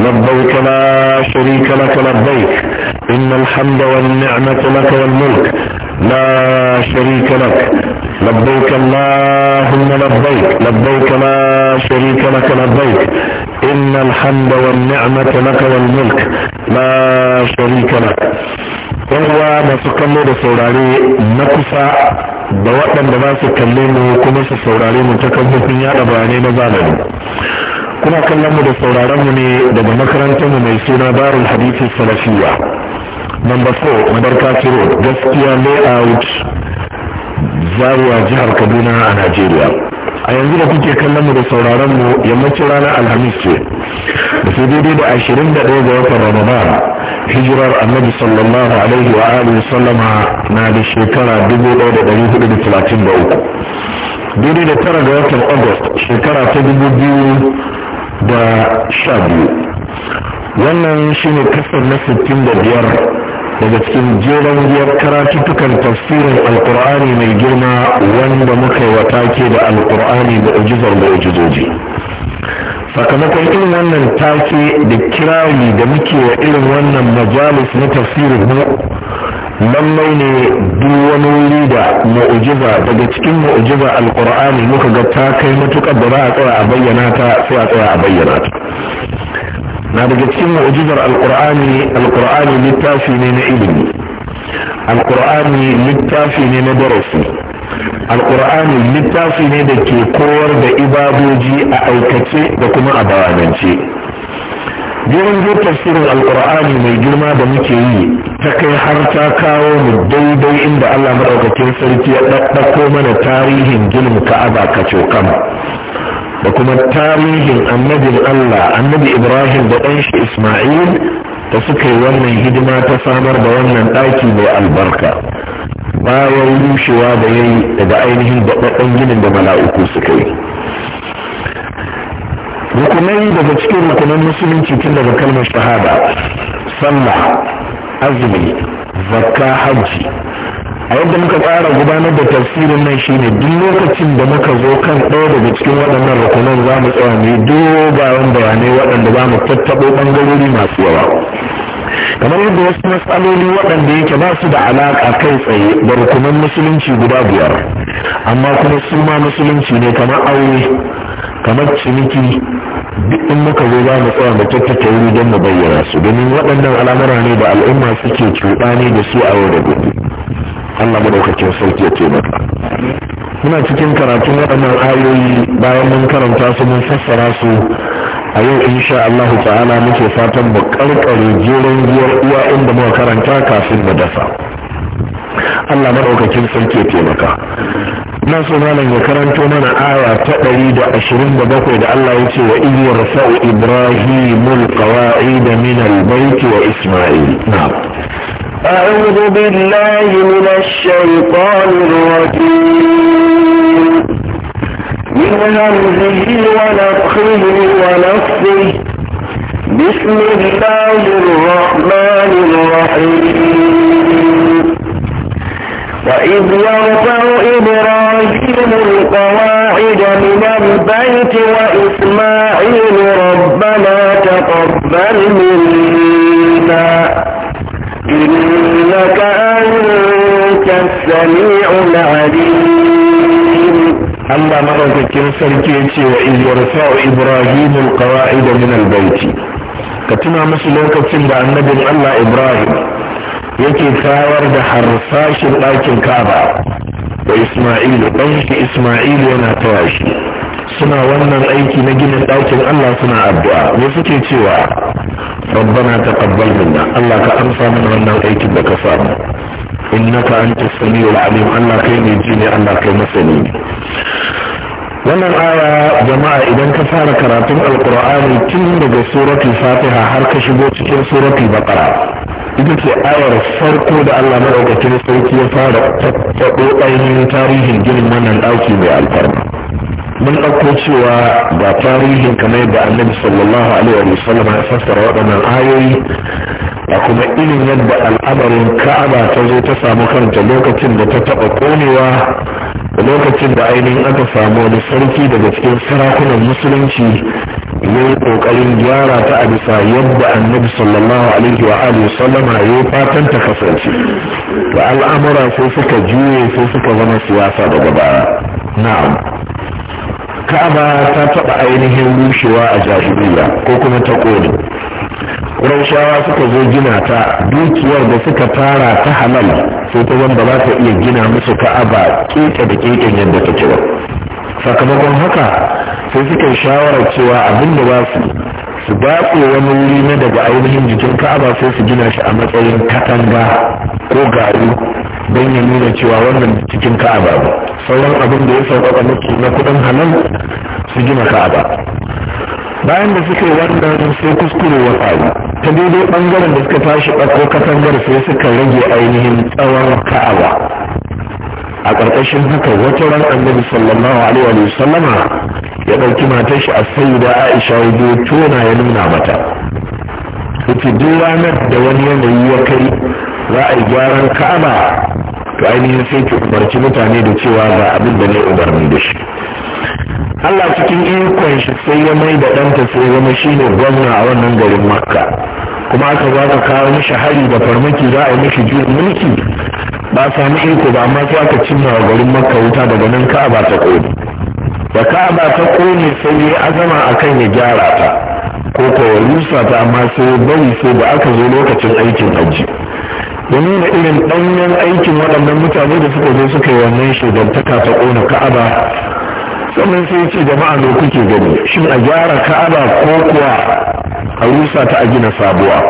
لبيك لا شريك لك لبيك إن الحمد والنعمة لك والملك لا شريك لك لبيك اللهم لبيك لبيك لا شريك لك لبيك إن الحمد والنعمة لك والملك لا شريك لك وهو ما kallo da saurare na kusa da waɗanda za su kalle mu kuma su saurare mu ta kafofin kuna kallon mu da sauraron mu ne daga makarantar mu mai suna Darul Hadisi Salafiya number 4 Madarka Road gaskiya layout Zaria jihar Kaduna a Najeriya a yanzu da kuke kallon mu da sauraron mu yammacin ranar Alhamis ce da sai daidai da ashirin 21 ga watan Ramadan hijirar Annabi sallallahu alaihi wa alihi sallama na da shekara dubu ɗaya da da da hudu talatin 1433 daidai da tara ga watan August shekara ta biyu. da sha biyu wannan shi ne kasar na sittin da biyar daga cikin jeren biyar karatuttukan tafsirin alkur'ani mai girma wanda muka yi wa take da alkur'ani da ujizar da ujizoji sakamakon irin wannan take da kirari da muke wa irin wannan majalis na tafsirin mu lallai ne duk wani wuri da mu'jiza daga cikin mu'jiza alqur'ani muka ga ta kai matukar da za a tsaya a bayyana ta sai a tsaya a bayyana ta na daga cikin mu'jizar alqur'ani alqur'ani littafi ne na ilimi alqur'ani littafi ne na darasi alqur'ani littafi ne da ke kowar da ibadoji a aikace da kuma a bayanance gurin zo tafsirin alkur'ani mai girma da muke yi ta kai har ta kawo mu daidai inda allah maɗaukakin sarki ya ɗaɗɗako mana tarihin ginin ka'aba ka cokan da kuma tarihin annabin allah annabi ibrahim da ɗan shi isma'il da suka yi wannan hidima ta samar da wannan ɗaki mai albarka bayan rushewa da ya yi daga ainihin daɗaɗɗen ginin da mala'iku suka yi rukunai daga cikin rukunan musulunci tun daga kalmar shahada sallah azumi zakka hajji a yadda muka tsara gudanar da tafsirin nan shine duk lokacin da muka zo kan ɗaya daga cikin waɗannan rukunan za mu tsaya ne dogayen bayanai waɗanda za mu tattaɓo ɓangarori masu yawa kamar yadda wasu matsaloli waɗanda yake ba su da alaƙa kai tsaye da rukunan musulunci guda biyar amma kuma su ma musulunci ne kamar aure kamar ciniki duk in muka zo za mu tsaya mu tattata wuri don mu bayyana su domin waɗannan al'amura ne da al'umma suke cuɗani da su a yau da gobe Allah madaukakin sarki ya taimaka muna cikin karatun waɗannan ayoyi bayan mun karanta su mun fassara su a yau insha Allah ta'ala muke fatan mu karkare jiran giyar uwa inda muka karanta kafin mu dafa Allah madaukakin sarki ya taimaka na so malam ya karanto mana aya ta 127 da Allah ya ce wa in yarfa'u ibrahim alqawaid min albayt wa isma'il na'am أعوذ بالله من الشيطان الرجيم من همزه ونفخه ونفسه بسم الله الرحمن الرحيم وإذ يرفع إبراهيم القواعد من البيت وإسماعيل ربنا تقبل منا إنك أنت السميع العليم Allah maɗaukakin sarki ya ce wa izwarfa'u Ibrahim alqawaid min albayti ka tuna musu lokacin da annabin Allah Ibrahim yake kawar da harsashin ɗakin Ka'aba da Isma'ilu ɗan shi Isma'ilu yana taya shi suna wannan aiki na ginin ɗakin Allah suna addu'a me suke cewa rabbana taqabbal minna Allah ka amsa mana wannan aikin da ka samu innaka anta samiul alim Allah kai ne ji ne Allah kai masani ne wannan aya jama'a idan ka fara karatun alkur'ani tun daga suratul fatiha har ka shigo cikin suratul baqara ita ce ayar farko da Allah madaukakin sarki ya fara tattaɓo ainihin tarihin ginin wannan ɗauki mai alfarma mun ɗauko cewa ga tarihin kamar yadda annabi sallallahu alaihi wa sallam ya fassara waɗannan ayoyi da kuma irin yadda al'amarin ka'aba ta zo ta samu kanta lokacin da ta taɓa konewa da lokacin da ainihin aka samu wani sarki daga cikin sarakunan musulunci ya kokarin ƙoƙarin gyara ta a bisa yadda annabi sallallahu alaihi wa alihi sallama ya yi fatan ta kasance da al'amura sai suka juye sai suka zama siyasa daga baya na'am ka'aba ta taɓa ainihin rushewa a jahiliya ko kuma ta ƙone raushawa suka zo gina ta dukiyar da suka tara ta halal sai ta zan ba za ta iya gina musu ka'aba keke da keken yadda ta ba sakamakon haka sai suka yi shawarar cewa abin da ba su su batse wani wuri na daga ainihin jikin ka'aba sai su gina shi a matsayin katanga ko gari don ya nuna cewa wannan cikin ka'aba ne sauran abin da ya sauƙaƙa maki na kuɗin halal su gina ka'aba bayan da suka yi wannan sai kuskure wa faru ta daidai ɓangaren da suka tashi ɗauko katangar sai suka rage ainihin tsawon ka'aba a ƙarƙashin haka wata ran annabi sallallahu alaihi wa sallama ya ɗauki matar shi a da aisha ya zo tona ya nuna mata yace duk ranar da wani yanayi ya kai za a yi gyaran ka'aba to ainihin sai ki umarci mutane da cewa ga abin da ne umarni da shi Allah cikin ikon shi sai ya mai da ɗanta sai zama shi ne gwamna a wannan garin makka kuma aka za ka kawo mishi hari da farmaki za a yi mishi juyin mulki ba sami iko ba amma sai aka cimma garin makka wuta daga nan ka'aba ta kodi da ka'aba ta kone sai ya azama kan ya gyara ta ko kuwa rusa ta amma sai bari sai da aka zo lokacin aikin hajji da nuna irin ɗanyen aikin waɗannan mutane da suka zo suka yi wannan shaidar ta ƙona ka'aba sannan sai ce jama'a me kuke gani shin a gyara ka'aba ko kuwa a rusa ta a gina sabuwa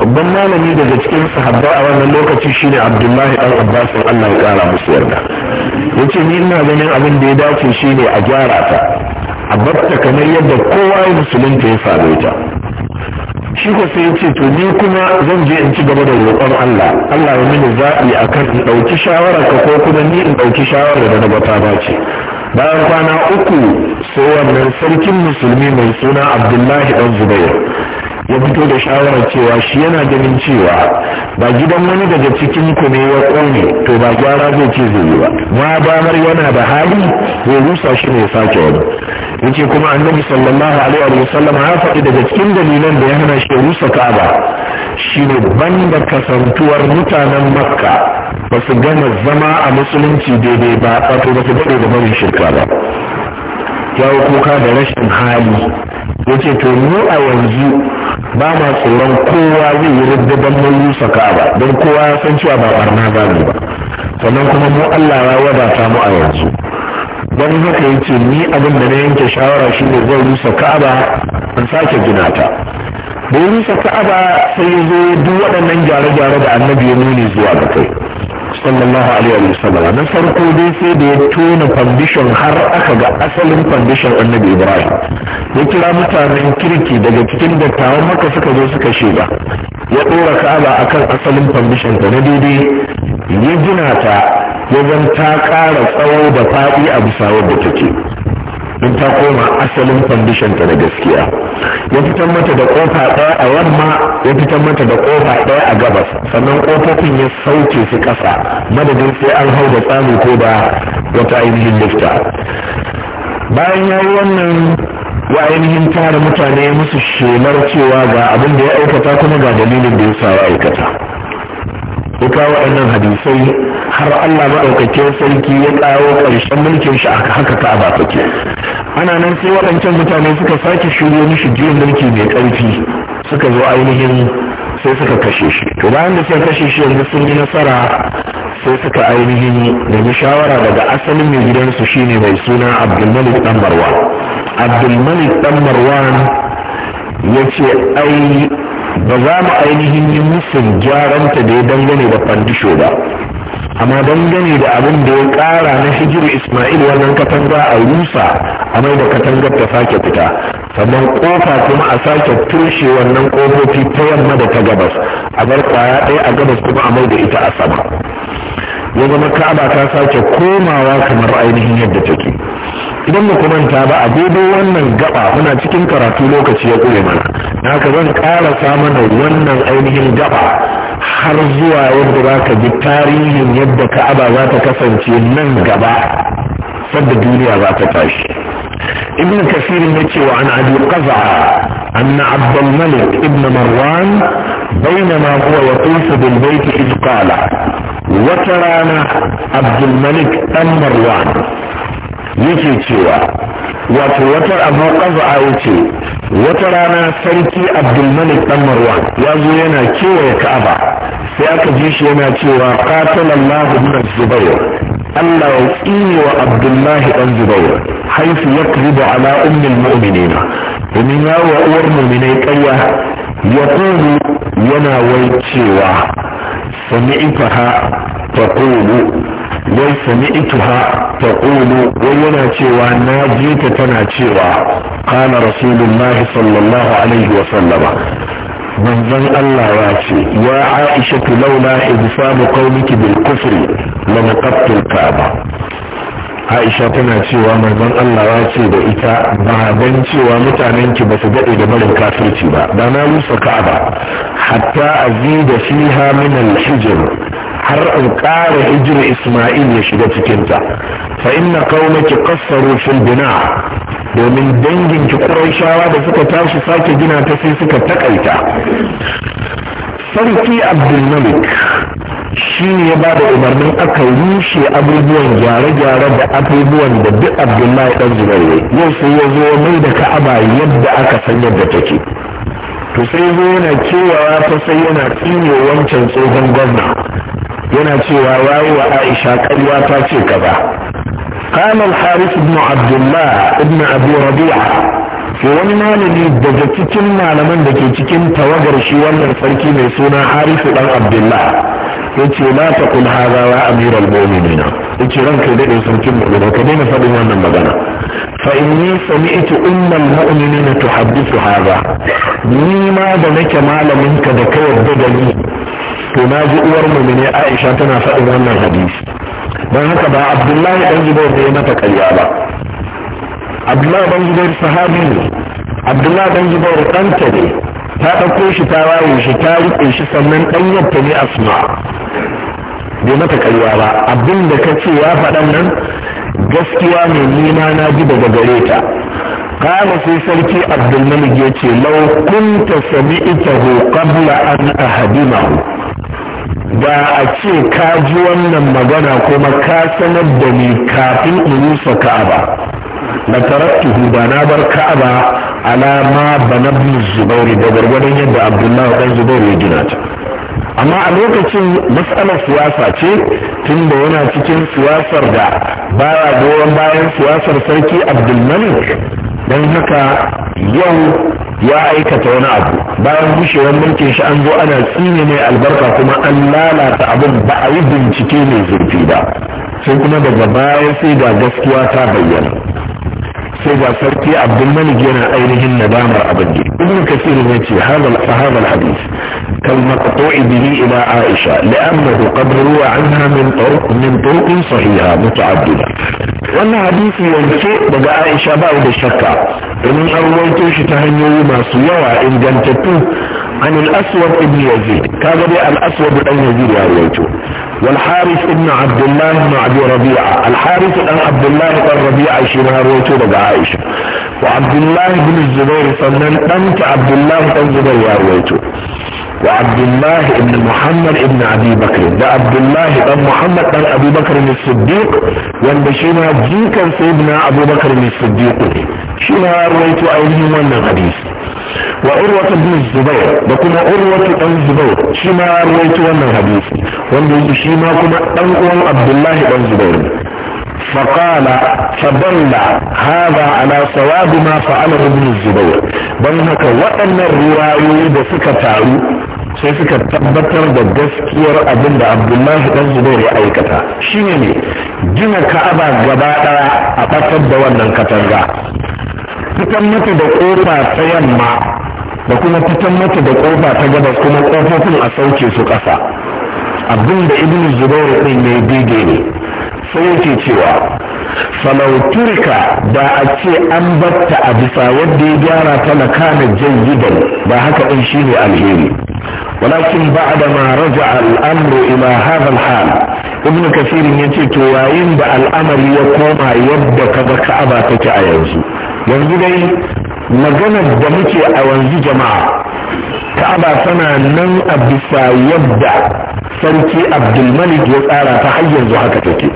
babban malami daga cikin sahabba a wannan lokaci shine abdullahi Ɗan abbas Allah ya kara musu yarda ya ce ni ina ganin abin da ya dace shi ne a gyara ta a batta kamar yadda kowa ya musulunta ya faru ta shi ko sai ya ce to ni kuma zan je in ci gaba da roƙon Allah Allah ya mini zaɓi akan in ɗauki shawarar ka ko kuma ni in ɗauki shawarar da na bata ba ce bayan kwana uku sai wannan sarkin musulmi mai suna abdullahi dan zubair ya fito da shawarar cewa shi yana ganin cewa ba gidan wani daga cikin ku ne ya kone to ba gyara zai ce zai yi ba ma damar yana da hali zai rusa shi ne sake wani yace kuma annabi sallallahu alaihi wa sallam ya faɗi daga cikin dalilan da ya hana shi rusa kaba shine da kasantuwar mutanen makka ba su gama zama a musulunci daidai ba wato ba su daɗe da barin shirka ba ya kuka da rashin hali ya ce to mu a yanzu ba ma tsoron kowa zai yi don mai yusa ka'aba don kowa ya san cewa ba barna ba ne ba sannan kuma mu allah ya wadata mu a yanzu don haka ya ce ni abin da na yanke shawara shi ne zai rusa ka'aba in sake gina ta da rusa ka'aba sai ya zo duk waɗannan gyare-gyare da annabi ya nuni zuwa ga kai sallallahu alaihi wa sallam na farko dai sai da ya tona foundation har aka ga asalin foundation annabi ibrahim ya kira mutanen kirki daga cikin dattawan maka suka zo suka shiga ya ɗora kaba akan asalin foundation ta na daidai ya gina ta ya zan ta ƙara tsawo da faɗi a bisa wadda take in ta koma asalin foundation ta da gaskiya ya fitar mata da kofa ɗaya a yamma ya fitar mata da kofa ɗaya a gabas sannan kofofin ya sauke su ƙasa madadin sai an hau da tsami ko da wata ainihin lifta bayan ya wannan ya ainihin tara mutane musu shelar cewa ga abin da ya aikata kuma ga dalilin da ya sa aikata ya kawo waɗannan hadisai har Allah maɗaukakin sarki ya kawo ƙarshen mulkin shi haka ka ba take ana nan sai waɗancan mutane suka sake shiryo mishi juyin mulki mai ƙarfi suka zo ainihin sai suka kashe shi to bayan da suka kashe shi yanzu sun yi nasara sai suka ainihin nemi shawara daga asalin mai gidansu shine mai suna abdulmalik dan marwan abdulmalik dan marwan ya ce ai ba za mu ainihin yi musu gyaranta da ya dangane da fandisho ba amma dangane da abin da ya kara na hijiru ismail wannan katanga a rusa a mai da katangar ta sake fita sannan kofa kuma a sake tushe wannan kofofi ta yamma da ta gabas a bar kwaya ɗaya a gabas kuma a mai da ita a sama ya zama ka'aba ta sake komawa kamar ainihin yadda take idan ba manta ba a daidai wannan gaba muna cikin karatu lokaci ya ƙure mana ka zan karasa mana wannan ainihin gaba har zuwa yadda za ka ji tarihin yadda ka'aba za ta kasance nan gaba sadda duniya za ta tashi ibn kasir ya ce wa an abi qaza anna abd ibn marwan bainama huwa yatufu bil bayt id qala wa tarana abd marwan yake cewa wato wata abu qaza'a yace wata rana sarki abdulmalik dan marwan ya zo yana kewaye ka'aba sai aka ji shi yana cewa qatalallahu ibn zubair Allah ya tsine wa Abdullahi dan Zubair haifu ya kribu ala ummul mu'minina domin ya wa uwar mu'minai ƙarya ya kulu yana wai cewa sami'taha taqulu wai ta taqulu wai yana cewa na ji ta tana cewa kana rasulullahi sallallahu alaihi wa sallama manzon Allah ya ce ya Aisha laula ibsamu qaumiki bil kufri la naqattu al-kaaba Aisha tana cewa manzon Allah ya ce da ita ba ban cewa mutanen ki ba su daɗe da barin kafirci ba da na musa ka'aba hatta azida fiha min al-hijr har in ƙara hijir isma'il ya shiga cikinta fa inna qaumaki qassaru fil bina domin dangin ki shawa da suka tashi sake gina ta sai suka takaita sarki abdulmalik shi ne ya ba da umarnin aka rushe abubuwan gyare-gyare da abubuwan da duk abdullahi dan zubair yau sai ya zo mai da ka'aba yadda aka san yadda take to sai zo yana kewawa ta sai yana tsine wancan tsohon gwamna yana cewa yayi wa Aisha kalwa ta ce kaza قال الحارث بن عبد الله ابن ابي ربيعه to wani malami daga cikin malaman da ke cikin tawagar shi wannan sarki mai suna harifu dan abdullah ya ce la ta kun haza wa amir al-mu'minin ya ce ranka ya daɗe sarkin mu'minin ka daina faɗin wannan magana fa inni sami'tu ummul mu'minin tuhaddisu haza ni ma da nake malamin ka da ka yarda da ni to na ji uwar mumine aisha tana faɗin wannan hadisi don haka ba abdullahi ɗan zubair ne mata ƙarya ba abdullahi dan zubair sahabi ne abdullahi dan zubair ɗanta ne ta ɗauko shi ta waye shi ta riƙe shi sannan ɗan yadda ne asma bai mata ƙarya ba abin da ka ce ya faɗan nan gaskiya ne nima na ji daga gare ta kama sai sarki abdulmalik ya ce lau kunta sami'tahu qabla an ahadimahu da a ce ka ji wannan magana kuma ka sanar da ni kafin in rusa ka'aba na tarattu ba na bar ka'aba alama banabni zubairi da gwargwadon yadda abdullahi dan zubairu ya gina ta amma a lokacin matsalar siyasa ce tunda yana cikin siyasar da baya goyon bayan siyasar sarki abdulmalik don haka yau ya aikata wani abu bayan gushewar mulkin shi an zo ana tsine mai albarka kuma an lalata abin ba a yi bincike mai zurfi ba sai kuma daga baya sai ga gaskiya ta bayyana sai ga sarki abdulmalik yana ainihin nadamar abin da ibn kasir ya ce hada hadal hadis kal maqtu'i bihi ila aisha li'annahu qad ruwa anha min turuq min turuq sahiha muta'addida wannan hadisi yanke daga aisha ba da shakka domin an rawaito shi ta hanyoyi masu yawa ingantattu an al-aswad ibn yazid kaga dai al-aswad dan yazid ya rawaito والحارث ابن عبد الله بن عبد ربيعه الحارث بن عبد الله بن ربيعه شنها ما رويته عائشه وعبد الله بن الزبير صنن أنت عبد الله بن زبير ya رويته وعبد الله بن محمد بن ابي بكر ده عبد الله بن محمد بن ابي بكر الصديق wanda جيكا سيدنا ابو بكر abubakar ne siddiq shi ma rawaito ainihin wa urwatu bin zubair da kuma urwatu dan zubair shi ma ya rawaito wannan hadisi wanda yake shi ma kuma dan uwan abdullahi dan zubair فقال فدل هذا على صواب ما فعله ابن الزبير بل هكا وأن suka taru sai suka tabbatar da gaskiyar abin da abdullahi dan zubair ya aikata shine ne gina ka'aba gaba daya a fatar da wannan katanga fitan mata da kofa ta yamma da kuma fitan mata da kofa ta gabas kuma kofofin a sauke su ƙasa abin da ibn zubair din ya bige ne sai yake cewa falau turka da a ce an batta a bisa wadda ya gyara ta na kana jayyidan ba haka din shine alheri walakin ba'da ma raja al'amru ila al-hal ibn kasir yace to yayin da al'amari ya koma yadda kaga ka'aba take a yanzu yanzu dai maganar da muke a yanzu jama'a ka'aba tana nan a bisa yadda sarki abdulmalik ya tsara ta har yanzu haka take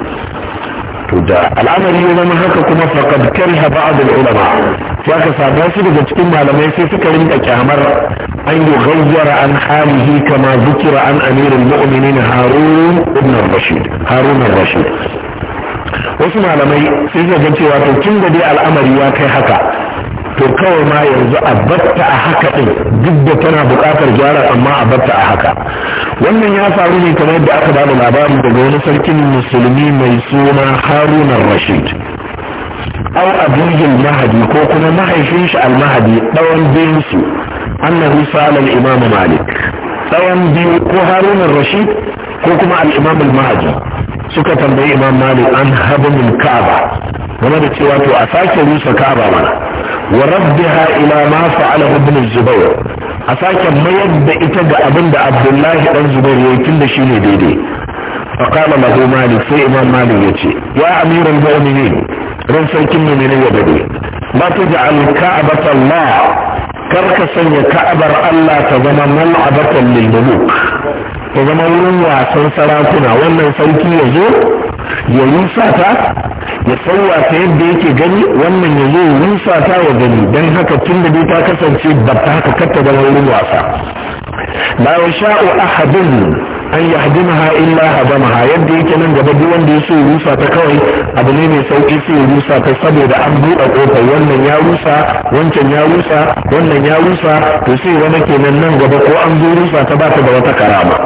to da al'amari ya zama haka kuma faqad kariha ba'd al-ulama ya ka samu wasu daga cikin malamai sai suka rinka kyamar an yi an halihi kama zikira an amirul mu'minin harun ibn rashid harun rashid wasu malamai sai suka cewa to tun da dai al'amari ya kai haka to kawai ma yanzu a batta a haka din duk da tana buƙatar gyara amma a batta a haka wannan ya faru ne kamar yadda aka bada labari daga wani sarkin musulmi mai suna haruna rashid au abin mahadi ko kuma mahaifin shi almahadi ɗawan biyunsu annahu sa'al imamu imam malik tsawon biyu ko harunan rashid ko kuma al-imam al suka tambayi imam malik an habmin ka'aba game da cewa to a sake rusa ka'aba mana wa Rabbi ila ma fa'ala ibn zubair a sake mayar da ita ga abin da abdullahi dan zubair yayi tun da shine daidai imam له yace ya amiran مالك ran sarkin امير المؤمنين رن سيكن من يبدي لا تجعل كعبة الله kar ka sanya ka'abar Allah ta zama mal'abatan lil muluk ta zama wurin wasan sarakuna wannan sarki ya zo ya rusa ta ya sauwa ta yadda yake gani wannan ya zo ya rusa ta ya gani don haka tun da ta kasance ba ta haka kar ta zama wurin wasa la yasha'u ahadun an yi hadimaha illa hadamaha yadda yake nan gaba duk wanda ya so rusa ta kawai abu ne mai sauki sai rusa ta saboda an buɗe kofar wannan ya rusa wancan ya rusa wannan ya rusa to sai wani kenan nan gaba ko an zo rusa ta ba ta da wata karama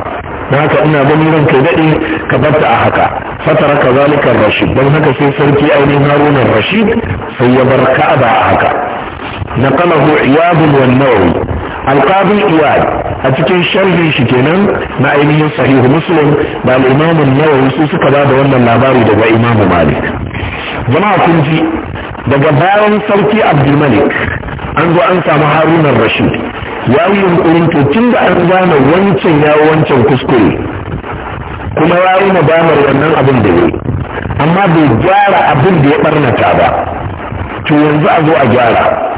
haka ina gani ran kai daɗe ka barta a haka fatara ka zalikar rashid don haka sai sarki ainihin harunan rashid sai ya bar ka'aba a haka نقله عياض والنووي alqadi iyad a cikin sharhin shi kenan na ainihin sahihu muslim da al-imam nawawi su suka ba da wannan labari daga imam malik jama'a kun ji daga bayan sarki abdulmalik an zo an samu harunan rashid ya yi yunkurin to tun da an gane wancan ya wancan kuskure kuma ya yi nadamar wannan abin da ya amma bai gyara abin da ya barnata ba to yanzu a zo a gyara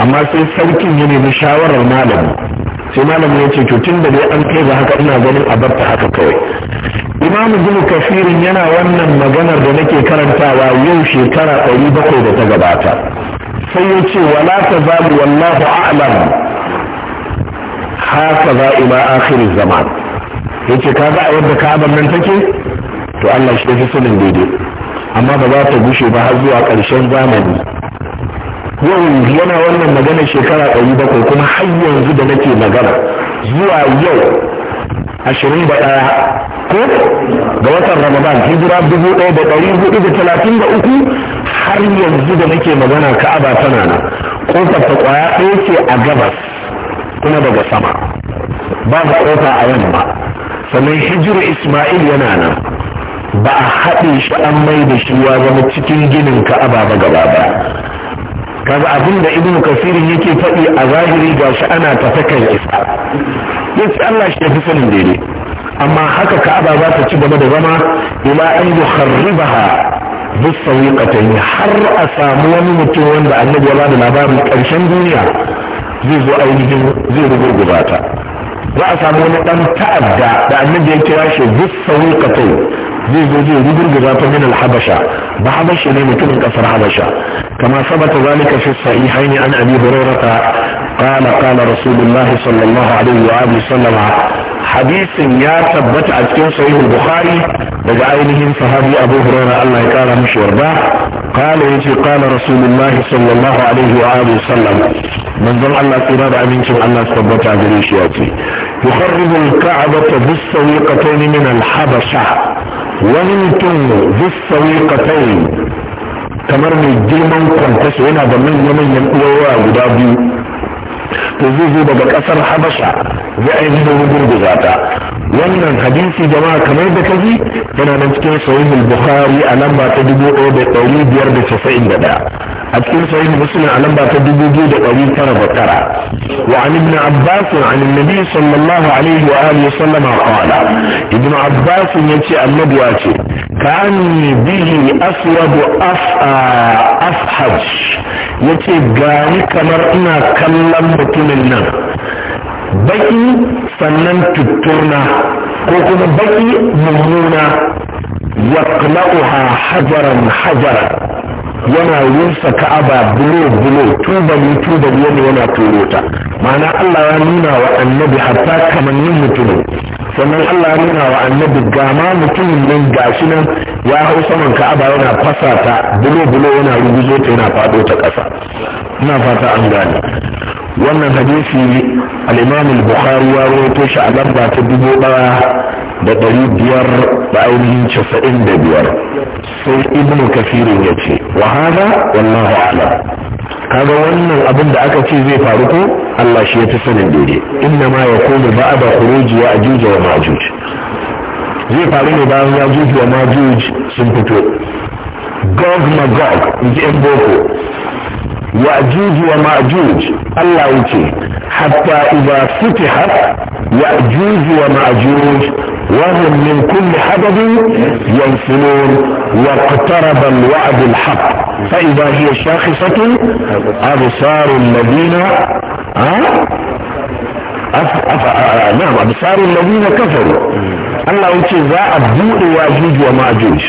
amma sai sarkin ya nemi shawarar malami sai malamin ya ce to tun da dai an kai ga haka ina ganin a barta haka kawai imamu bin kafirin yana wannan maganar da nake karantawa yau shekara ɗari bakwai da ta gabata sai ya ce wala ta zalu wallahu a'lam haka za ila akhirin zaman ya ce ka a yadda ka'abar nan take to allah shi fi sanin daidai amma ba za ta gushe ba har zuwa ƙarshen zamani yau yana wannan magana shekara ɗari bakwai kuma har yanzu da nake magana zuwa yau ashirin da ɗaya ko ga watan ramadan hijira dubu ɗaya da ɗari hudu da talatin da uku har yanzu da nake magana ka'aba tana nan ƙofar ta ƙwaya ɗaya ce a gabas kuma daga sama ba ƙofa a yamma sannan hijiru isma'il yana nan ba a haɗe shi an mai da shi ya zama cikin ginin ka'aba ba gaba ba kaga abin da ibnu kasirin yake faɗi a zahiri shi ana tafakan isa yace Allah shi ya fi sanin daidai amma haka ka'aba za ta ci gaba da zama ila an yukharribaha bisawiqatayn har a samu wani mutum wanda annabi ya bada labarin ƙarshen duniya zai zo ainihin zai rugurguba ta za a samu wani ɗan ta'adda da annabi ya kira shi bisawiqatayn zai zo zai rugurguza ta min al-habasha ba habasha ne mutumin kasar habasha kama sabata zalika fi sahihaini an abi hurairata qala qala rasulullah sallallahu alaihi wa alihi sallam hadisin ya tabbata a cikin sahih al-bukhari daga ainihin sahabi abu hurairah Allah ya kara mishi yarda qala yace qala rasulullah sallallahu alaihi wa alihi sallam manzon Allah tsira da amincin Allah tabbata gare shi yace يخرب الكعبة بالسويقتين من الحبشة وانتم ذي السويقتين تمرني جلمان كنتس وانا بمن يمن يمقوا وعودا بي تزيزي ببك اثر حبشة ذي اي نمو نمو بذاتا وانا حديثي جماعة كمان بكذي انا نمتكين سويم البخاري الامبا تدبو او بقولي بيار بسفين بدا a cikin sahih muslim a lamba ta dubu biyu da ɗari tara da tara wa an ibn abbas an annabi sallallahu alaihi wa alihi sallama qala ibn abbas yace annabi ya ce kani bihi aswad af afhaj yace gani kamar ina kallon mutumin nan baki sannan tutturna ko kuma baki mummuna yaqla'uha hajaran hajaran yana rusa ka'aba bulo bulo tubali tubali yana yana turo ta ma'ana Allah ya nuna wa annabi hatta kamannin mutumin sannan Allah ya nuna wa annabi gama mutumin nan gashi nan ya hau saman ka'aba yana fasa ta bulo bulo yana ruguzo ta yana fado ta ƙasa ina fata an gane wannan hadisi al-Imam al-Bukhari ya rawaito shi a lamba ta dubu daya da ɗari biyar da ainihin casa'in da biyar sai ibn kafirin ya ce wahala? wallahu ala kaga wannan abin da aka ce zai faru ko Allah shi ya fi sanin daidai inna ma ya kome ba da kuroji ya ajuja wa majuj zai faru ne bayan ya juji wa majuj sun fito gog magog in ji yan boko wa juji? Allah ya يأجوج ومأجوج الله يتي حتى إذا فتحت يأجوج ومأجوج وهم من كل حدب ينفلون واقترب الوعد الحق فإذا هي شاخصة أبصار الذين آه؟ آه، آه، نعم أبصار الذين كفروا الله يقول ذا أبدوء واجوج وماجوج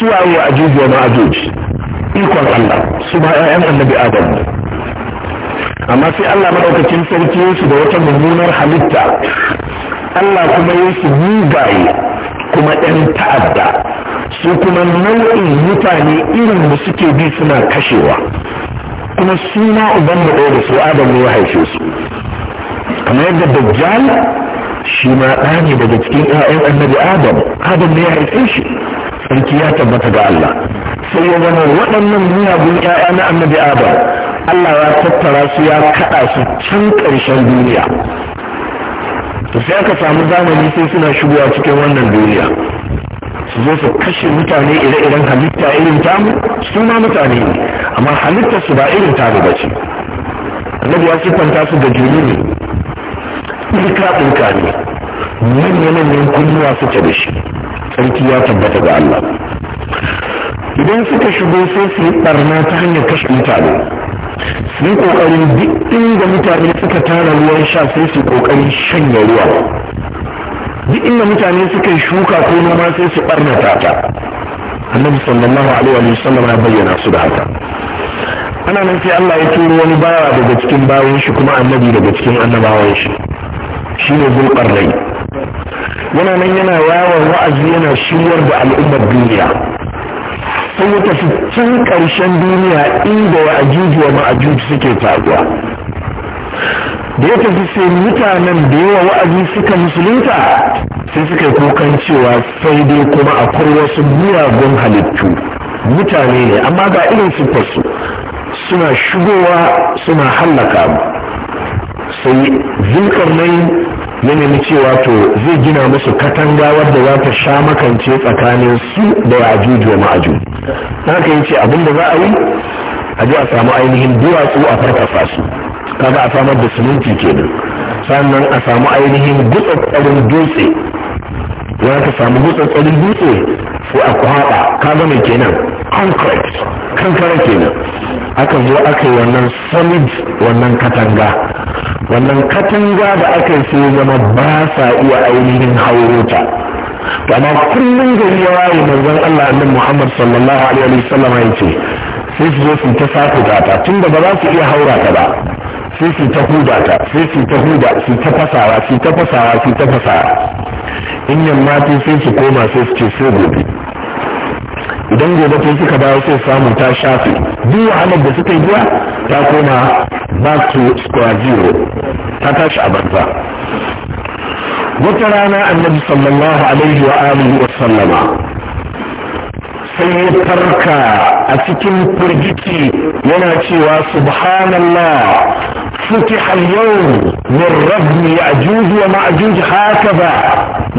سواء واجوج وماجوج يقول الله su النبي ادم اما في الله مدوكتين sai Allah maɗaukacin sarki su Allah kuma ya su mugaye kuma ɗan ta'adda su kuma nau'in mutane irin da suke bi suna kashewa kuma suna uban da ɗaya da su adam ne ya haife su kamar yadda dajjal shi ma ɗa daga cikin 'ya'yan annabi adam adam ne ya haife shi sarki ya tabbata ga Allah sai ya zama waɗannan miyagun 'ya'ya na annabi adam Allah ya tattara su ya kaɗa su can ƙarshen duniya to sai aka samu zamani sai suna shigowa cikin wannan duniya su zo su kashe mutane ire-iren halitta irin tamu su ma mutane ne amma halittar su ba irin tamu ba ce annabi ya siffanta su da jini ne ilka ɗinka ne manya-manyan kunnuwa suke da shi sarki ya tabbata ga Allah idan suka shigo sai su yi ɓarna ta hanyar kashe mutane su yi kokarin duk inda mutane suka tara ruwan sha sai su kokarin shanya ruwa duk inda mutane suka shuka ko noma sai su barnata ta annabi sallallahu alaihi wa sallam ya bayyana su da haka ana nan sai Allah ya turo wani bawa daga cikin bayan shi kuma annabi daga cikin annabawan shi shine zulqarnai yana nan yana yawon wa'azi yana shiryar da al'ummar duniya sun yi tafi tun ƙarshen duniya inda wa ajuji wa suke taruwa da ya tafi sai mutanen da yawa wa'azi suka musulunta sai suka yi kukan cewa sai dai kuma akwai wasu miyagun halittu mutane ne amma ga irin sifarsu suna shigowa suna hallaka mu sai zulkarnain ya nemi cewa to zai gina musu katanga wadda za ta sha makance tsakanin su da yajuju da ma'aju haka ce abin da za a yi a ji a samu ainihin duwatsu a farfasa su kaga a samar da siminti kenan sannan a samu ainihin gutsattsarin dutse ya ka samu gutsattsarin dutse Ko a kwaɗa kaga mai kenan concrete kankara kenan aka zo aka yi wannan solid wannan katanga wannan katanga da aka yi sai zama ba sa iya ainihin hauro ta to amma kullum gari ya waye manzon Allah annabi Muhammad sallallahu alaihi wa sallam ya ce sai su zo su ta sakuta ta tunda ba za su iya haura ta ba sai su ta huda ta sai su ta huda su ta fasawa su ta fasawa su ta fasawa in yamma sai su koma sai su ce sai gobe idan gobe sai suka dawo sai samu ta shafi duk wahalar da suka yi jiya ta koma back to square zero ta tashi a banza wata rana annabi sallallahu alaihi wa alihi wa sallama sai ya farka a cikin firgici yana cewa subhanallah فتح اليوم من ربي يأجوج ومأجوج هكذا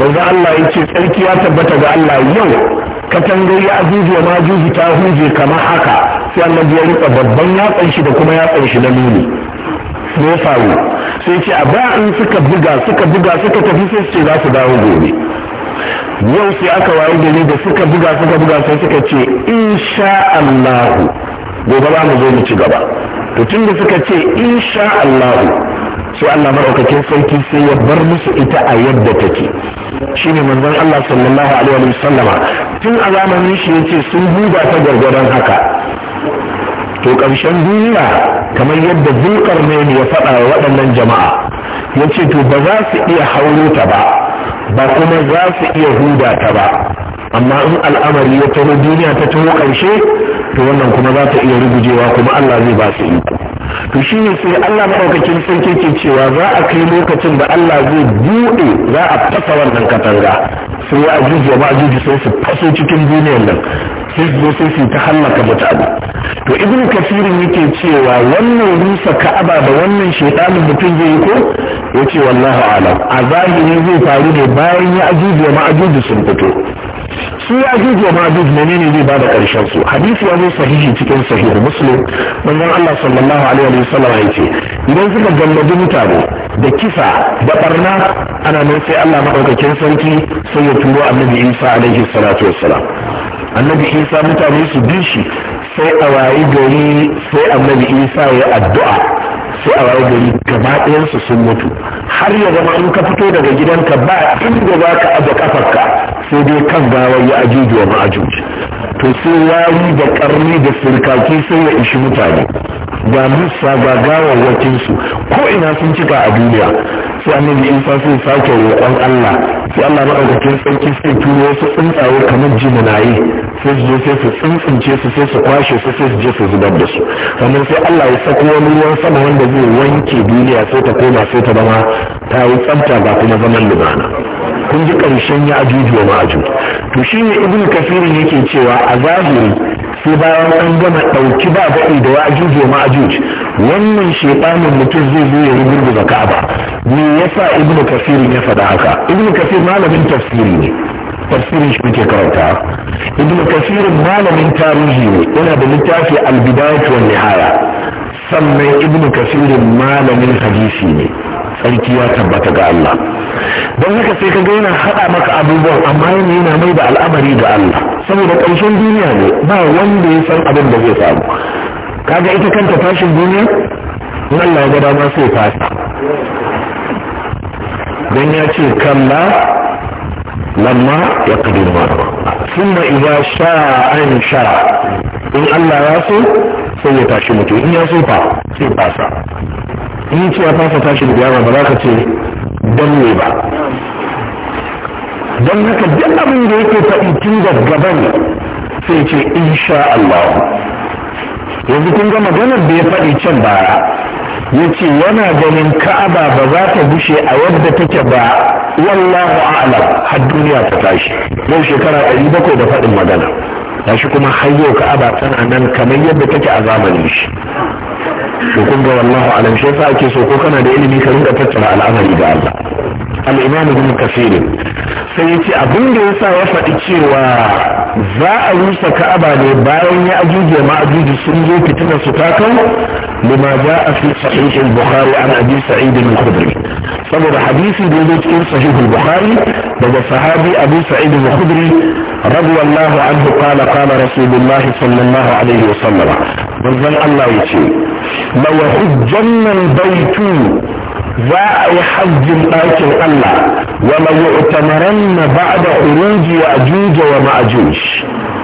manzo Allah ya ce tsarki ya tabbata ga Allah yau katangar ya ajuji ma juji ta huje kamar haka sai annabi ya rika babban yatsan shi da kuma yatsan shi na nuni me ya faru sai ce a da in suka buga suka buga suka tafi sai ce za su dawo gobe yau sai aka waye gari da suka buga suka buga sai suka ce insha Allahu gobe ba mu zo mu ci gaba to tun da suka ce insha Allahu sai Allah maɗaukakin sarki sai ya bar musu ita a yadda take shine manzon Allah sallallahu alaihi wa sallama tun a zamanin shi yace sun buga ta gwargwadon haka to ƙarshen duniya kamar yadda zulkar ne ya faɗa wa waɗannan jama'a yace to ba za su iya hauro ta ba ba kuma za su iya huda ta ba amma in al'amari ya taho duniya ta taho ƙarshe to wannan kuma za ta iya rugujewa kuma Allah zai ba su iko to shi ne sai Allah maɗaukakin sarki ke cewa za a kai lokacin da Allah zai buɗe za a fasa wannan katanga sai ya ajuji ya sai su faso cikin duniyar nan sai su zo sai su ta hallaka mutane to ibn kafirin yake cewa wannan rusa ka'aba da wannan shaidanin mutum zai yi ko ya ce wallahu alam a zahiri zai faru ne bayan ya ajuji ma'ajiji ma'ajuji sun fito su ya juju ma duk menene zai bada karshen su hadisi ya zo sahihi cikin sahihu muslim manzon Allah sallallahu alaihi wa sallam idan suka gallabi mutane da kisa da barna ana nan sai Allah madaukakin sarki sai ya turo annabi Isa alaihi salatu wassalam annabi Isa mutane su bi shi sai a wayi gari sai annabi Isa ya addu'a sai a waye gari gaba ɗayansu sun mutu har ya zama in ka fito daga gidanka ba inda za ka aje kafarka sai dai kan gawar ya ajuji wa ma'ajuji to sai wari da karni da sirkaki sai ya ishi mutane ga musa ga gawar wakinsu ko ina sun cika a duniya sai annabi isa sai sake roƙon allah sai allah maɗaukakin sarki sai turo su tsuntsaye kamar jiminaye sai su zo sai su tsuntsince su sai su kwashe su sai su je su zubar da su sannan sai allah ya sako wani ruwan sama wanda zai wanke duniya sai ta koma sai ta zama ta yi tsafta ba kuma zaman lumana kun ji ƙarshen ya ajuju wa ma'aju to shi ne ibn kafirin yake cewa a zahiri sai bayan an gama ɗauki ba da ya ajuju wa ma'ajuj wannan shebanin mutum zai zo ya rugurguza kaba. me yasa ibn kasir ya faɗa haka ibn kasir malamin tafsiri ne tafsirin shi muke karanta ibn kasir malamin tarihi ne yana da littafi al-bidayat nihaya sannan ibn kasir malamin hadisi ne sarki ya tabbata ga Allah don haka sai ka gaina yana haɗa maka abubuwan amma yana yana mai da al'amari ga Allah saboda ƙarshen duniya ne ba wanda ya san abin da zai samu kaga ita kanta tashin duniya in Allah ya dama sai fasa dan ya ce kalla lamma ya kadi ma summa idza sha an sha in Allah ya so sai ya tashi mutu. in ya so fa sai fasa in ce ya fasa tashi da yawa ba za ka ce dan ne ba don haka duk abin da yake faɗi tun da gaba ne sai ce insha Allah yanzu kun ga maganar da ya faɗi can baya ya ce yana ganin ka'aba ba za ta bushe a yadda take ba wallahu a'lam har duniya ta tashi yau shekara ɗari bakwai da faɗin magana ya shi kuma har ka'aba tana nan kamar yadda take a zamanin shi to kun ga wallahu a'lam shi yasa ake so ko kana da ilimi ka rinka tattara al'amari da Allah al'imam ibn kafir sai ya ce abin da yasa ya faɗi cewa za a rusa ka'aba ne bayan ya ajuji ma ajuji sun zo fitinar su ta kan lima ja a fi sahih al-bukhari an abi sa'id al-khudri saboda hadisi da yake cikin sahih al-bukhari daga sahabi abu sa'id al-khudri radiyallahu anhu qala qala rasulullahi sallallahu alaihi wa sallam manzon Allah yace la yahujjanna al-baytu za a yi hajjin ɗakin Allah wa mawu'tamaran na ba'da uruji wa ajuja wa ma'ajuj